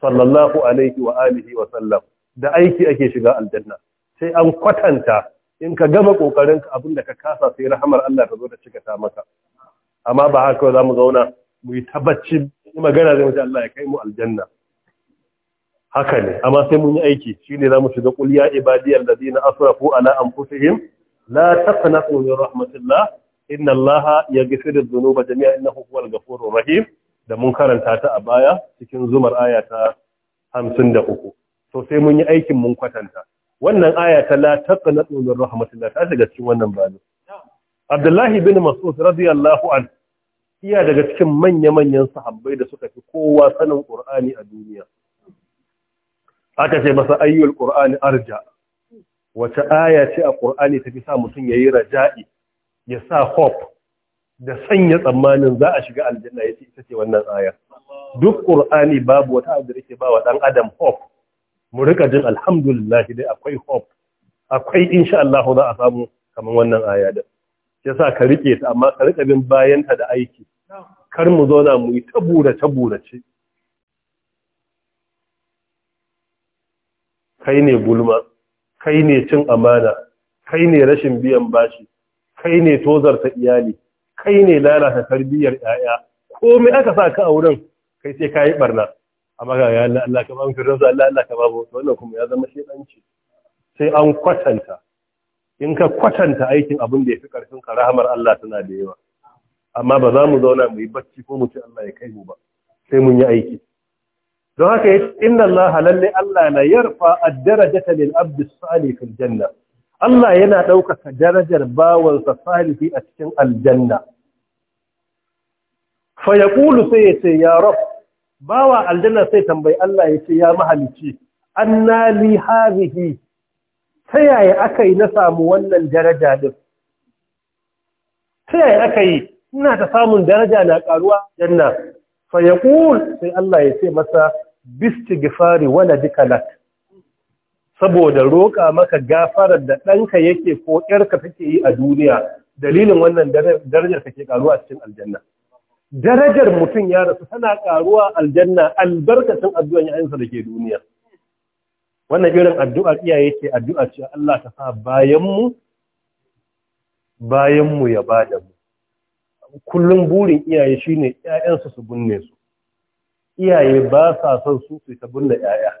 sallallahu alaihi wa alihi wa sallam da aiki ake shiga aljanna sai an kwatanta in ka gama kokarin abin da ka kasa sai rahamar Allah ta zo da cika ta maka amma ba haka za mu zauna mu yi tabbaci magana zai wuce Allah ya kai mu aljanna haka ne amma sai mun yi aiki shine za mu shiga qul ya ibadiyal ladina asrafu ala anfusihim la taqnatu min rahmatillah inna Allah yaghfiru dhunuba jami'a innahu huwal ghafurur rahim da mun karanta ta a baya cikin zumar aya ta 53 to sai mun yi aikin mun kwatanta wannan aya ta la taqnatu min rahmatillah ta daga cikin wannan bani Abdullahi bin Mas'ud radiyallahu an iya daga cikin manya-manyan sahabbai da suka fi kowa sanin Qur'ani a duniya aka ce masa ayyul Qur'ani arja wace aya ce a Qur'ani fi sa mutum yayi raja'i ya sa hope da sanya tsammanin za a shiga aljanna ya ita ce wannan aya duk ƙur'ani babu wata abu da ke ba wa ɗan adam hope mu rika jin alhamdulillah dai akwai hope akwai insha Allah za a samu kamar wannan aya da yasa ka rike ta amma ka rika bin bayan ta da aiki kar mu zo zauna mu yi tabura tabura ce kai ne gulma kai ne cin amana kai ne rashin biyan bashi kai ne tozarta iyali kai ne lalata tarbiyyar 'ya'ya komai aka sa ka a wurin kai sai ka yi barna amma ga ya Allah Allah ka ba mu Allah Allah ka ba mu wannan kuma ya zama shedanci sai an kwatanta in ka kwatanta aikin abin da ya fi karfin ka rahamar Allah tana da yawa amma ba za mu zauna mu yi bacci ko mu ce Allah ya kai mu ba sai mun yi aiki don haka yace inna Allah lalle Allah na yarfa ad-darajata lil abd as-salih fil janna Allah yana ɗaukaka darajar bawansa salihi a cikin aljanna fa yaqulu sai yace ya rabb bawa aljanna sai tambayi Allah ya ce ya mahalicci anna li hadhihi ta yaya aka yi na samu wannan daraja din ta yaya aka yi ina ta samun daraja na karuwa janna fa yaqul sai Allah ya ce masa bistighfari waladika lak saboda roƙa maka gafarar da ɗanka yake ko ƴarka take yi a duniya dalilin wannan darajar take karuwa cikin aljanna darajar mutum ya rasu tana karuwa aljanna albarkacin addu'an ya'yansa da ke duniya wannan irin addu'ar iyaye ce addu'a ce Allah ta sa bayan mu bayan mu ya bada mu kullum burin iyaye shine 'ya'yansu su binne su iyaye ba sa son su su ta binne 'ya'ya.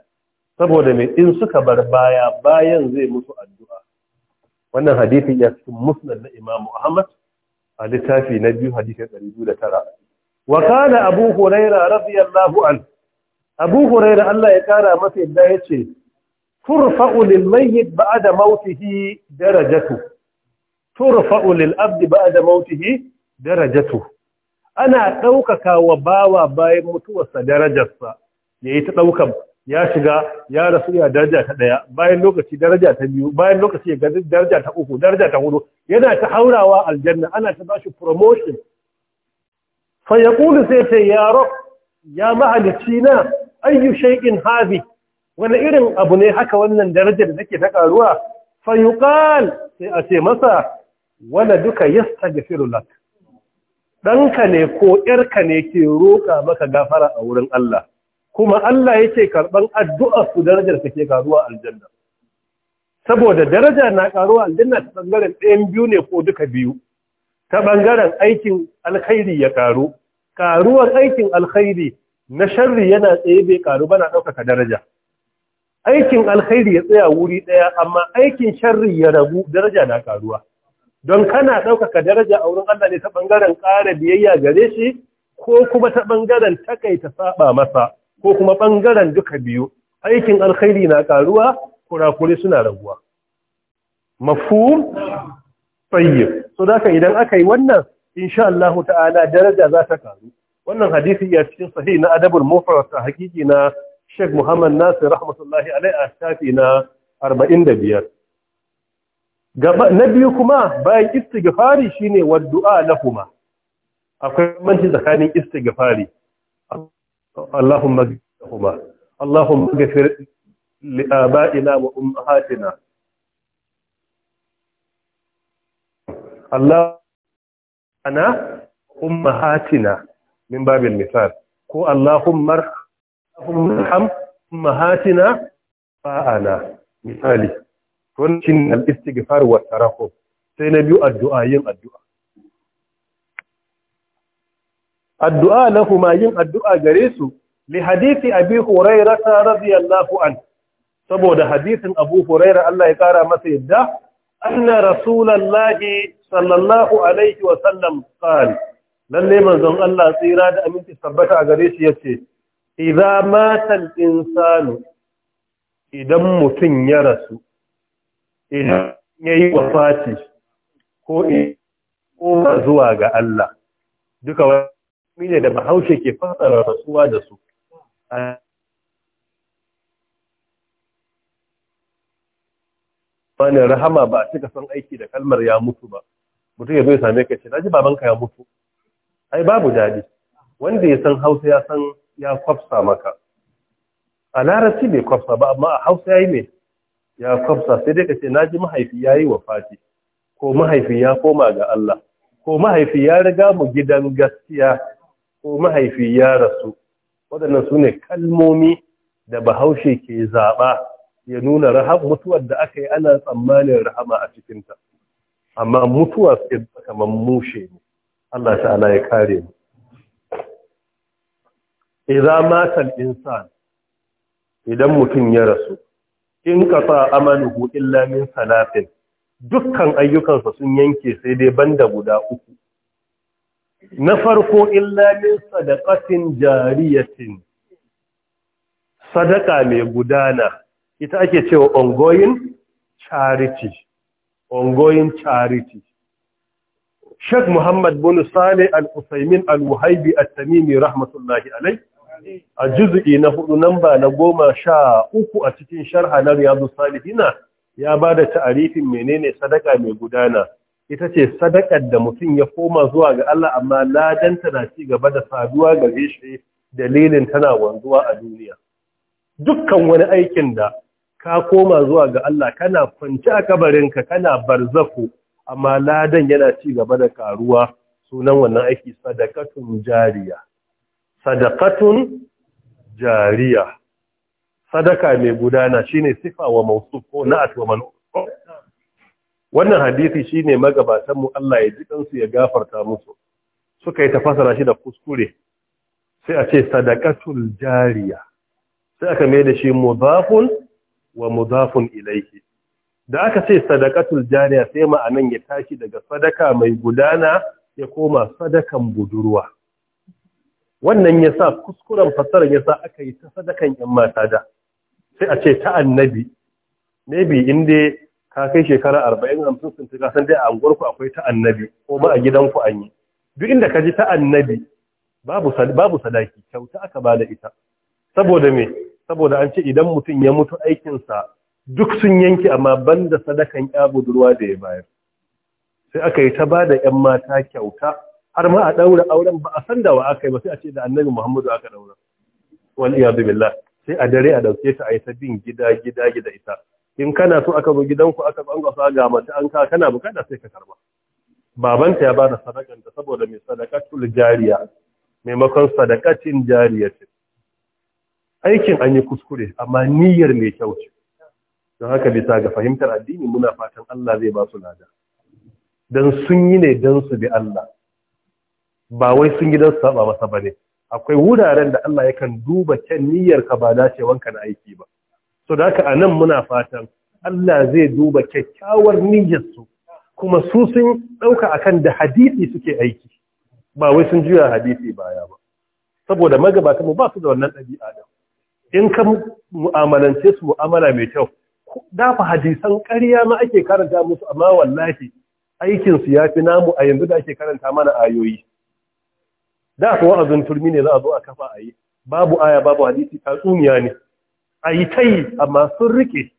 saboda mai in suka bar baya bayan zai musu addu'a wannan hadisi ya cikin musnad na Imam Ahmad a littafi na biyu hadisi 209 wa kana abu huraira radiyallahu an abu huraira Allah ya kara masa yadda yace turfa'u lil mayyit ba'da mautihi darajatu turfa'u lil abdi ba'da mautihi darajatu ana ɗaukaka wa bawa bayan mutuwarsa darajarsa ya yi ta ɗaukan ya shiga ya rasu ya daraja ta ɗaya bayan lokaci daraja ta biyu bayan lokaci ya daraja ta uku daraja ta hudu yana ta haurawa aljanna ana ta bashi promotion fa yaqulu sai ce ya rab ya mahalicci na ayyu shay'in wani irin abu ne haka wannan darajar da ke ta karuwa fa sai a ce masa wala duka yastaghfiru lak ɗanka ne ko yarka ne ke roka maka gafara a wurin Allah kuma Allah yake karɓar addu'a su darajar ke karuwa aljanna saboda daraja na karuwa aljanna ta bangaren ɗayan biyu ne ko duka biyu ta ɓangaren aikin alkhairi ya karu karuwar aikin alkhairi na sharri yana tsaye bai karu bana ɗaukaka daraja aikin alkhairi ya tsaya wuri ɗaya amma aikin sharri ya ragu daraja na karuwa don kana ɗaukaka daraja a wurin Allah ne ta ɓangaren ƙara biyayya gare shi ko kuma ta ɓangaren takaita saɓa masa ko kuma ɓangaren duka biyu aikin alkhairi na karuwa kurakuri suna raguwa mafhum tayyib so da idan aka yi wannan insha Allah ta'ala daraja za ta karu wannan hadisi ya cikin sahih na adabul mufrad ta hakiki na Sheikh Muhammad Nasir rahmatullahi alaihi a shafi na 45 gaba na biyu kuma bayan istighfari shine waddu'a lahuma akwai manci tsakanin istighfari Allahumma ghfirhuma Allahumma ghfir li abaina wa ummahatina Allah ana hatina min babil misal ko Allahumma arham ummahatina fa'ana misali wannan shine al-istighfar wa tarahum sai na biyu addu'a yin addu'a addu'a lahuma yin addu'a gare su li hadithi abi ta radiyallahu an saboda hadithin abu huraira Allah ya kara masa yadda أن رسول الله صلى الله عليه وسلم قال لن يمن زن الله سيراد أمين تثبت أغريش يتي إذا مات الإنسان إذا متن يرسو إذا يوفاتي ko koma zuwa ga Allah duka wani ne da bahaushe ke fasara rasuwa da su wani rahama ba a cika son aiki da kalmar ya mutu ba mutum ya zo ya same ka ce na ji babanka ya mutu ai babu daɗi wanda ya san hausa ya san ya kwafsa maka a larabci bai kwafsa ba amma a hausa ya yi mai ya kwafsa sai dai ka ce na ji mahaifi ya yi Fati, ko mahaifi ya koma ga Allah ko mahaifi ya riga mu gidan gaskiya ko mahaifi ya rasu waɗannan su ne kalmomi da bahaushe ke zaɓa ya nuna rahab mutuwar da aka yi ana tsammanin rahama a cikinta amma mutuwa suke kamar mushe ne Allah ala ya kare mu idza mata insan idan mutum ya rasu in qata amaluhu illa min salatin dukkan ayyukansa sun yanke sai dai banda guda uku na farko illa min sadaqatin jariyatin sadaka mai gudana ita ake cewa ongoing charity ongoing charity Sheikh Muhammad bin Saleh Al-Usaimin Al-Wahibi At-Tamimi rahmatullahi alai a juz'i na hudu namba na goma sha uku a cikin sharha na Riyadu Salihina ya ba da ta'arifin menene sadaka mai gudana ita ce sadakar da mutum ya koma zuwa ga Allah amma ladanta na ci gaba da saduwa ga shi dalilin tana wanzuwa a duniya dukkan wani aikin da ka koma zuwa ga Allah kana kwanci a kabarinka kana barzako amma ladan yana ci gaba da karuwa sunan wannan aiki sadakatun jariya sadakatun jariya sadaka mai gudana shine sifa wa mausuf ko na'at wa man wannan hadisi shine magabatan mu Allah ya ji kansu ya gafarta musu suka yi tafasara shi da kuskure sai a ce sadakatul jariya sai aka mai da shi mudafun wa mudafun ilaihi da aka ce sadaqatul jariya sai ma'anan ya tashi daga sadaka mai gudana ya koma sadakan budurwa wannan yasa kuskuren fassarar yasa aka yi ta sadakan yan mata da sai a ce ta annabi maybe in dai ka kai shekara 40 50 sun tuka san dai a unguwarku akwai ta annabi ko ba a gidanku an yi duk inda ka ji ta annabi babu sadaki kyauta aka bada ita saboda me saboda an ce idan mutum ya mutu aikinsa duk sun yanki amma banda sadakan ya budurwa da ya bayar sai aka yi ta ba da 'yan mata kyauta har ma a ɗaura auren ba a san da wa aka yi ba sai a ce da annabi muhammadu aka ɗaura Wani iya billah sai a dare a ɗauke ta a yi ta bin gida gida gida ita in kana so aka zo gidanku aka zo an gasa ga mace an ka kana bukata sai ka karba babanta ya ba da sadakanta saboda mai sadakatul jariya maimakon sadakacin jariya ce aikin an yi kuskure amma niyyar mai kyau ce don haka bisa ga fahimtar addini muna fatan Allah zai ba su lada don sun yi ne don su bi Allah ba wai sun yi don su saba masa ba ne akwai wuraren da Allah yakan duba kyan niyyar ka ba wanka na aiki ba so da haka a nan muna fatan Allah zai duba kyakkyawar niyyar su. kuma su sun ɗauka akan da hadisi suke aiki ba wai sun juya hadisi baya ba saboda magabata mu ba su da wannan ɗabi'a da in ka mu'amalance su mu'amala mai kyau dafa hadisan ƙarya ma ake karanta musu amma wallahi aikin su yafi namu a yanzu da ake karanta mana ayoyi da kuwa azun turmi ne za a zo a kafa a yi babu aya babu hadisi tatsuniya ne a yi ta amma sun rike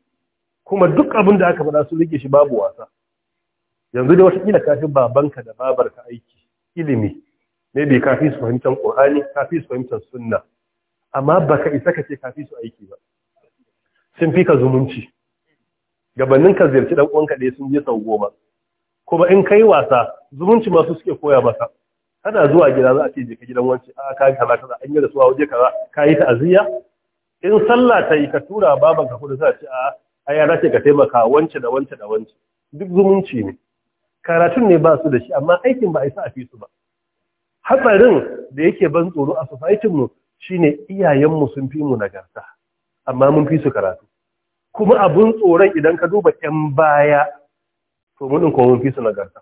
kuma duk abin da aka faɗa sun rike shi babu wasa yanzu da watakila kafin babanka da babarka aiki ilimi ne bai kafin su fahimtar ƙur'ani kafin su fahimtar sunna amma baka isa ka ce kafi su aiki ba sun fi ka zumunci gabanin ka ziyarci dan ƙwanka ɗaya sun je sau goma kuma in kai wasa zumunci masu suke koya masa kana zuwa gida za a ce je ka gidan wanci a ka yi kaza kaza an yi da suwa waje kaza ka yi ta'aziyya in sallah ta yi ka tura baban ka kudu za ce a a yana ce ka taimaka wance da wance da wance duk zumunci ne karatun ne ba su da shi amma aikin ba a isa a fi su ba hatsarin da yake ban tsoro a society mu shine iyayenmu sun fi mu nagarta amma mun fi su karatu kuma abun tsoron idan ka duba 'yan baya to mun kuma mun fi su nagarta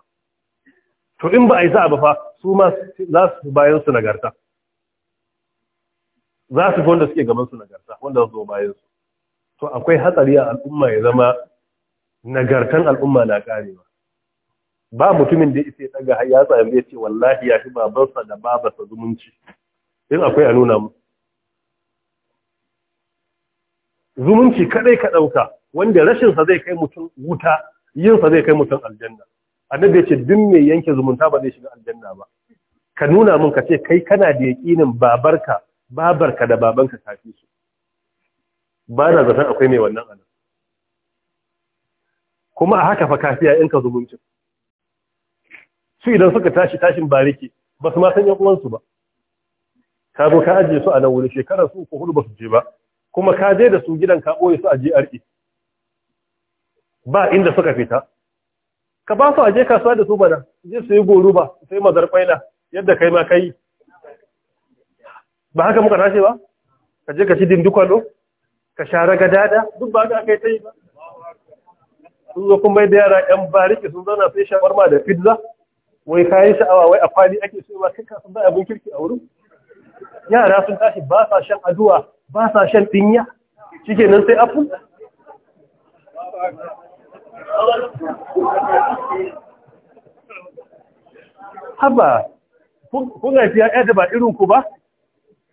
to in ba a yi sa'a ba fa su ma za su bayan su nagarta za su fi wanda suke gaban su nagarta wanda su bayan su to akwai hatsari a al'umma ya zama nagartan al'umma na karewa ba mutumin da ya ce daga hayatsa yanzu ya ce wallahi ya fi babansa da babasa zumunci in akwai a nuna mu zumunci kadai ka dauka wanda rashinsa zai kai mutum wuta yinsa zai kai mutum aljanna annabi ya ce duk mai yanke zumunta ba zai shiga aljanna ba ka nuna mun ka ce kai kana da yakinin babarka babarka da babanka kafi su ba na zaton akwai mai wannan anan kuma a haka fa kafiya in ka zumuncin su idan suka tashi tashin bariki ba su ma san yan uwansu ba ka zo ka ajiye su a nan wuri shekarar su ko hudu ba su je ba kuma ka je da su gidan ka ɓoye su a GRE ba inda suka fita ka ba su aje kasuwa da su bana je su yi goro ba sai mazar kwaila yadda kai ma kai ba haka muka tashi ba ka je ka ci dindukwalo ka share dada duk ba haka kai ta yi ba sun zo kun da yara yan bariki sun zauna sai shawarma da pizza wai kayan sha'awa wai a kwali ake so ba kai ka da abin kirki a wurin yara sun tashi ba sa shan aduwa ba sa shan dinya shike nan sai afu haba kun haifi ya da ba irin ku ba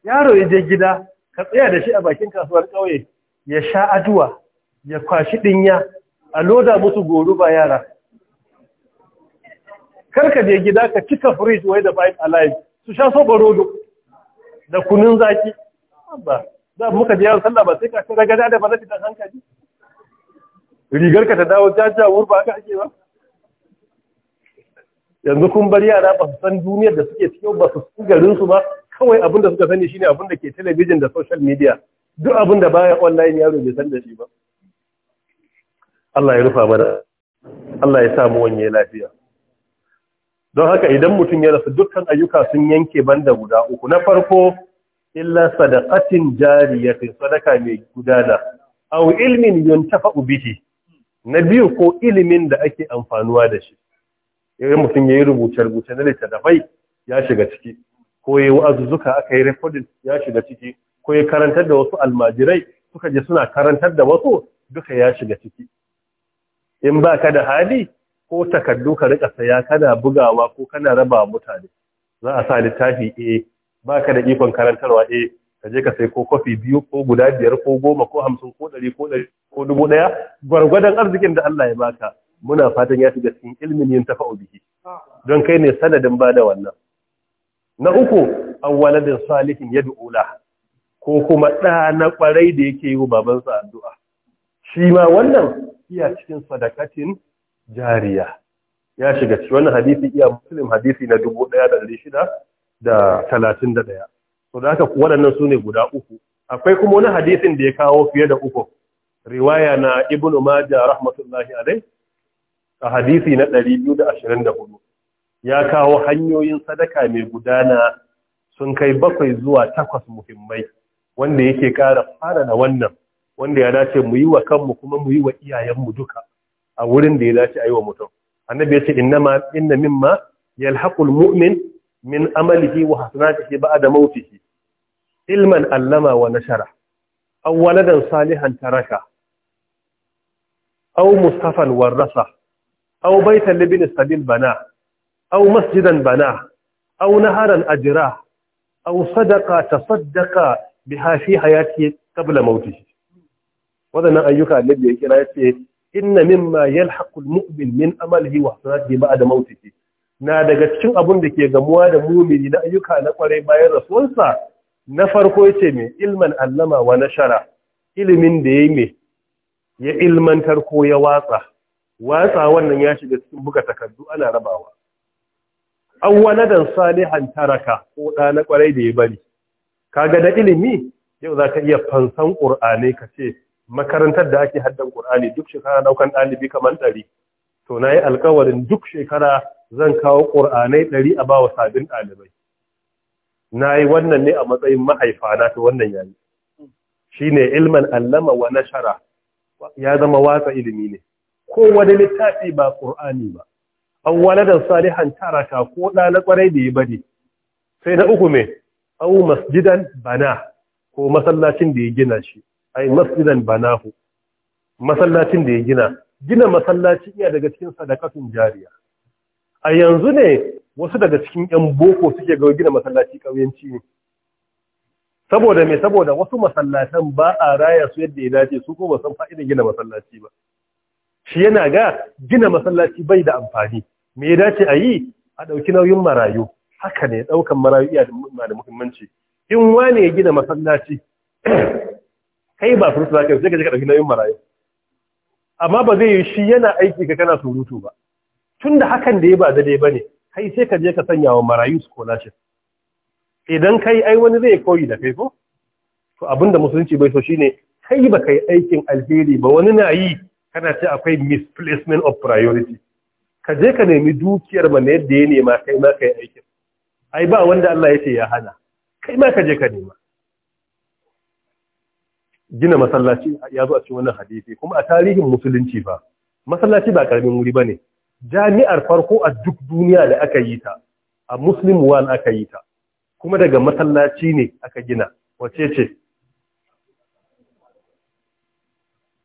yaro ya je gida ka tsaya da shi a bakin kasuwar ƙauye ya sha aduwa ya kwashi ɗinya a loda musu goro ba yara karka je gida ka cika fridge wai da bite alive su sha soba rodo da kunun zaki ba da muka je yawon sallah ba sai ka tsira gada da ba zai hankali rigar ka ta dawo jaja ba ka ake ba yanzu kun bar yara ba su san duniyar da suke cikin ba su san garin ba kawai abin da suka sani shine abin da ke talabijin da social media duk abin da baya online yaro bai san da shi ba Allah ya rufa mana Allah ya samu wanye lafiya don haka idan mutum ya rasu dukkan ayyuka sun yanke banda guda uku na farko illa sadaqatin jariyatin sadaka mai gudana aw ilmin yuntafa bihi na biyu ko ilimin da ake amfanuwa da shi idan mutum yayi rubuce rubuce na littattafai ya shiga ciki ko yayi wa'azuzuka aka yi recording ya shiga ciki ko ya karantar da wasu almajirai suka je suna karantar da wasu duka ya shiga ciki in baka da hali ko takardu ka rika saya kana bugawa ko kana raba mutane za a sa littafi a eh, baka da ikon karantarwa a eh, ka je ka sai ko kofi biyu ko guda biyar ko goma ko hamsin ko ɗari ko ɗari ko dubu ɗaya gwargwadon arzikin da Allah ya baka muna fatan ya shiga cikin ilmin yin tafa'u biki don kai ne sanadin ba da wannan na uku an da salihin ya du'ula ko kuma ɗa na ƙwarai da yake yi wa babansa addu'a shi ma wannan iya cikin sadakatin jariya ya shiga ciki wannan hadisi iya muslim hadisi na 1631 so da haka waɗannan su ne guda uku akwai kuma wani hadisin da ya kawo fiye da uku riwaya na ibn majah rahmatullahi alai a hadisi na ɗari biyu da da ashirin hudu ya kawo hanyoyin sadaka mai gudana sun kai bakwai zuwa takwas muhimmai wanda yake ƙara fara da wannan wanda ya dace mu yi wa kanmu kuma mu yi wa iyayenmu duka a wurin da ya dace a yi wa mutum annabi ya ce innama inna mimma yalhaqul mu'min min amalihi wa hasanatihi ba'da mautihi ilman allama wa nashara aw waladan salihan taraka aw mustafan warasa aw baitan libin sabil bana aw masjidan bana aw naharan ajra aw sadaqa tasaddaqa biha fi hayati qabla mautihi wadannan ayyuka annabi ya kira yace inna mimma yalhaqul mu'min min amalihi wa hasanatihi ba'da mautihi na daga cikin abun da ke gamuwa da mumini na ayyuka na kwarai bayan rasuwarsa na farko yace me ilman allama wa nashara ilimin da yayi me ya ilmantar ko ya watsa watsa wannan ya shiga cikin buga takardu ana rabawa awwaladan salihan taraka ko da na kwarai da ya bari kaga da ilimi yau zaka iya fansan qur'ani kace makarantar da ake haddan Qur'ani duk shekara daukan ɗalibi kamar ɗari to na yi alkawarin duk shekara zan kawo ƙur'anai ɗari a bawa sabbin ɗalibai na yi wannan ne a matsayin mahaifa na ta wannan yayi shi ne ilman allama wa nashara ya zama watsa ilimi ne ko wani littafi ba ƙur'ani ba an da salihan taraka ko ɗana na ƙwarai da ya bari sai na uku me au masjidan bana ko masallacin da ya gina shi ai masjidan banahu masallacin da ya gina gina masallaci iya daga cikin sadakatun jariya a yanzu ne wasu daga cikin yan boko suke ga gina masallaci kauyanci ne saboda me saboda wasu masallatan ba a raya su yadda ya dace su ko ba san fa'idan gina masallaci ba shi yana ga gina masallaci bai da amfani me ya dace a yi a ɗauki nauyin marayu haka ne ɗaukan marayu iya da muhimmanci in wane ya gina masallaci kai ba fursu za ka yi sai ka je ka ɗauki nauyin marayu amma ba zai yi shi yana aiki ka kana surutu ba tun da hakan da ya ba daidai ba ne kai sai ka je ka sanya wa marayu su shi idan kai ai wani zai koyi da kai ko to abin da musulunci bai so shine kai ba kai aikin alheri ba wani na yi kana ce akwai misplacement of priority ka je ka nemi dukiyar na yadda ya nema kai ma kai aikin ai ba wanda Allah ya ce ya hana kai ma ka je ka nema gina masallaci ya zo a cikin wannan hadisi kuma a tarihin musulunci ba masallaci ba karamin wuri bane jami'ar farko a duk duniya da aka yi ta a muslim world aka yi ta kuma daga masallaci ne aka gina wace ce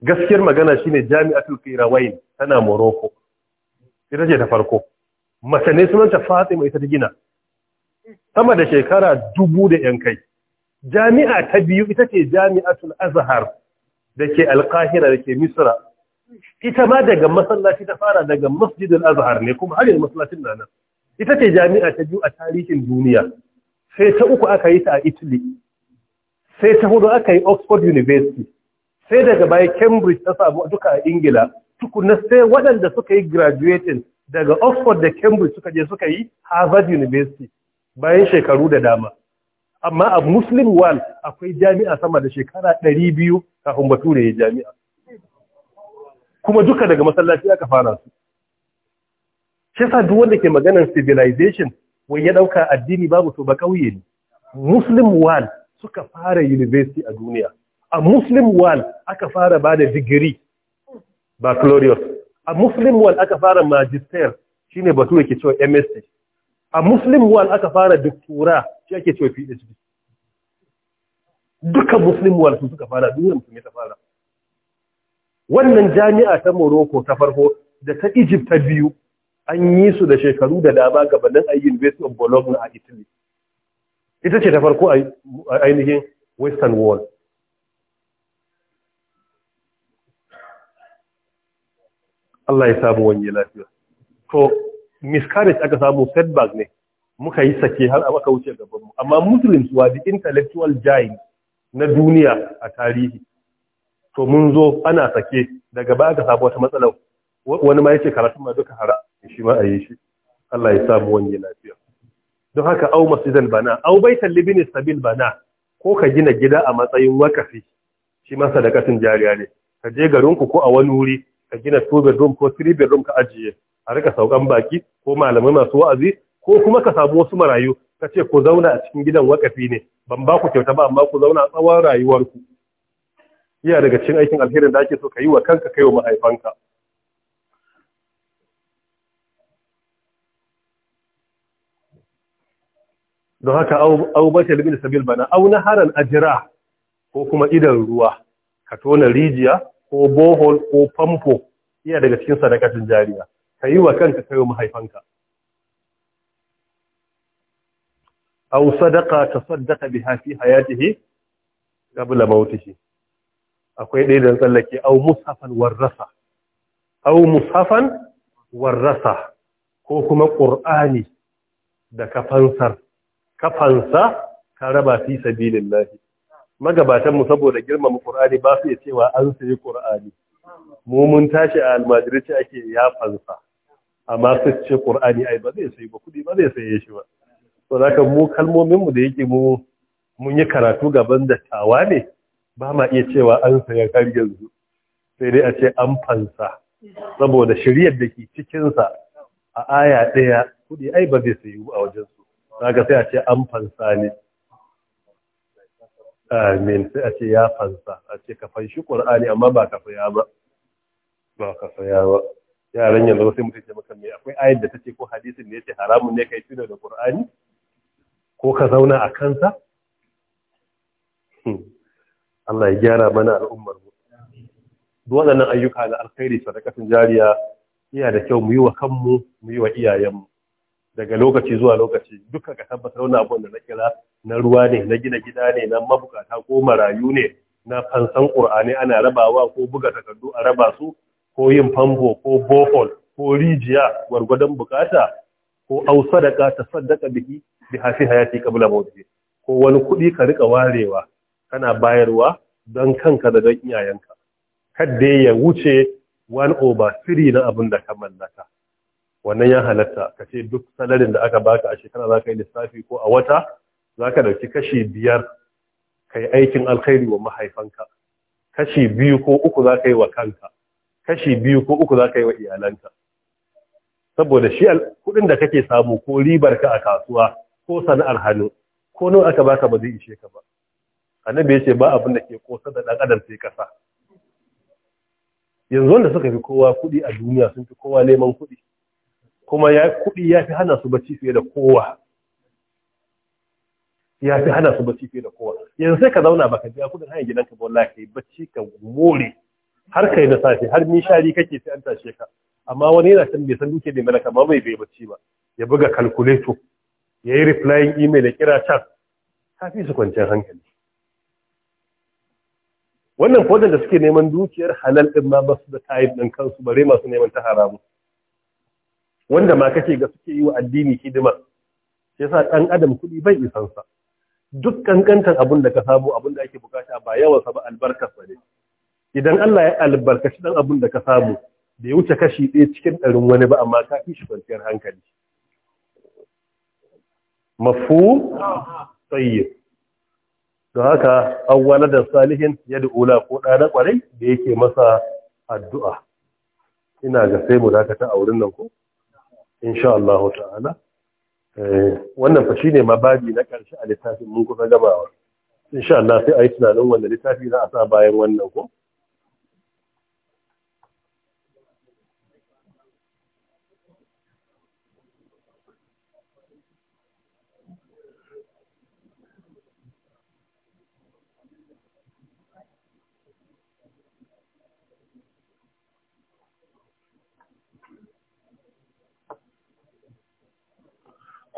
gaskiyar magana shine jami'atul qirawain tana morocco ita ce ta farko mace ne sunanta fatima ita ta gina sama da shekara dubu da yan kai jami'a ta biyu ita ce jami'atul azhar da ke alkahira da ke misra ita ma daga masallaci ta fara daga masjidul azhar ne kuma har yanzu masallacin na nan ita ce jami'a ta biyu a tarihin duniya sai ta uku aka yi ta a italy sai ta hudu aka yi oxford university sai daga baya cambridge ta samu duka a ingila tukunna sai waɗanda suka yi graduating daga oxford da cambridge suka je suka yi harvard university bayan shekaru da dama amma a muslim wall akwai jami'a sama da shekara 200 kafin bature ya jami'a kuma duka daga masallaci aka fara su shi sa duk wanda ke maganar civilization wai ya dauka addini babu to ba kauye ne muslim wal suka fara university a duniya a muslim wall aka fara ba da digiri baccalaureate a muslim wal aka fara magister shine bature ke cewa msc a muslim wall aka fara duktura shi ake cewa PhD duka muslim wall su suka fara duniyar musulmi ta fara wannan jami'a ta Morocco ta farko da ta Egypt ta biyu an yi su da shekaru da dama gabanin a University of Bologna a Italy ita ce ta farko a ainihin Western Wall Allah ya samu wani lafiya to miscarriage aka samu setback ne muka yi sake har aka wuce gabanmu amma muslims wa the intellectual giant na duniya a tarihi to mun zo ana sake daga ba aka samu wata matsala wani ma yace karatu ma duka hara shi ma a yi shi Allah ya samu wani lafiya don haka au masjidal bana au baitul libin sabil bana ko ka gina gida a matsayin wakafi shi ma sadakatin jariya ne ka je garinku ko a wani wuri ka gina two bedroom ko three bedroom ka ajiye a rika saukan baki ko malamai masu wa'azi ko kuma ka samu wasu marayu ka ce ku zauna a cikin gidan wakafi ne ban ba ku kyauta ba amma ku zauna a tsawon rayuwarku iya daga cikin aikin alherin da ake so ka yi wa kanka kai wa mahaifanka don haka au bashar bin sabil bana au naharan ajira ko kuma idan ruwa ka tona rijiya ko bohol ko famfo iya daga cikin sadakatin jariya ka yi wa kanka ka yi mahaifanka aw ta tasaddaqa biha fi hayatihi qabla mautihi akwai ɗaya da tsallake au mushafan warrasa musafan warrasa ko kuma ƙur'ani da kafansar kafansa ka raba fi sabilillah magabatan mu saboda girmama ƙur'ani ba su iya cewa an sayi ƙur'ani. mu mun tashi a almajirci ake ya fansa amma sai ce qur'ani ai ba zai sai ba kudi ba zai saye shi ba to zaka mu kalmomin mu da yake mu mun yi karatu gaban dattawa ne ba ma iya cewa an saya har yanzu sai dai a ce an fansa saboda shiryar da ke cikinsa a aya ɗaya kudi ai ba zai sayi a wajen su. zaka sai a ce an fansa ne amin sai a ce ya fansa a ce ka fanshi qur'ani amma ba ka saya ba ba ka saya ba yaran yanzu sai mutum ya maka me akwai ayat da tace ko hadisin ne yace haramun ne kai tuna da Qur'ani ko ka zauna a kansa hmm. Allah ya gyara mana al'ummar mu duk wannan ayyuka na alkhairi sadakatun jariya iya da kyau mu yi wa kanmu mu yi wa iyayenmu daga lokaci zuwa lokaci duka ka tabbatar wannan abun da na kira na ruwa ne na gina gida ne na mabukata ko marayu ne na fansan qur'ani ana rabawa ko buga takardu a raba su ko yin famfo ko bohol ko rijiya gwargwadon bukata ko au sadaka ta sadaka biki bi hafi hayati qabla mawti ko wani kuɗi ka rika warewa kana bayarwa don kanka da don iyayenka kadda ya wuce one over three na abin da ka mallaka wannan ya halatta ka ce duk salarin da aka baka a shekara za ka yi lissafi ko a wata za ka ɗauki kashi biyar ka yi aikin alkhairi wa mahaifanka kashi biyu ko uku za ka yi wa kanka kashi biyu ko uku za ka yi wa iyalanka saboda shi kudin da kake samu ko ribar ka a kasuwa ko sana'ar hannu ko nawa aka baka ba zai ishe ka ba annabi ce ba abin da ke kosa da dan adam sai kasa yanzu wanda suka fi kowa kudi a duniya sun fi kowa neman kudi kuma ya kudi ya fi hana su bacci fiye da kowa ya fi hana su bacci fiye da kowa yanzu sai ka zauna baka biya kudin hanyar gidanka ba wallahi kai bacci ka more har kai na safe har nishari kake sai an tashe ka amma wani yana san bai san duke ne malaka ma bai bai bacci ba ya buga calculator ya yi replying email ya kira chat ta fi su kwanciyar hankali wannan kodin da suke neman dukiyar halal din ma ba su da tayin din kansu bare masu neman ta haramu wanda ma kake ga suke yi wa addini hidima sai sa dan adam kudi bai isansa duk kankantar abin da ka samu abin da ake bukata ba yawansa ba albarkar ba ne idan Allah ya albarkaci dan abun da ka samu da ya wuce kashi ɗaya cikin ɗarin wani ba amma ka fi shi kwanciyar hankali mafu tsaye don haka awwala da salihin ya ula ko ɗana ƙwarai da yake masa addu'a ina ga sai mu dakata a wurin nan ko insha Allah ta'ala eh, wannan fa shine mabaji na ƙarshe a littafin mun kusa gabawa insha Allah sai a yi tunanin wanda littafi za a sa bayan wannan ko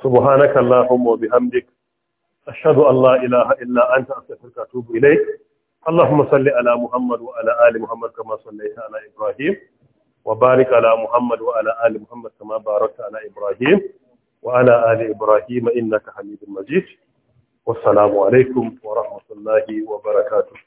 subhanaka allahumma wa bihamdik ashhadu an la ilaha illa anta astaghfiruka wa atubu ilayk اللهم صل على محمد وعلى ال محمد كما صليت على ابراهيم وبارك على محمد وعلى ال محمد كما باركت على ابراهيم وعلى ال ابراهيم انك حميد مجيد والسلام عليكم ورحمه الله وبركاته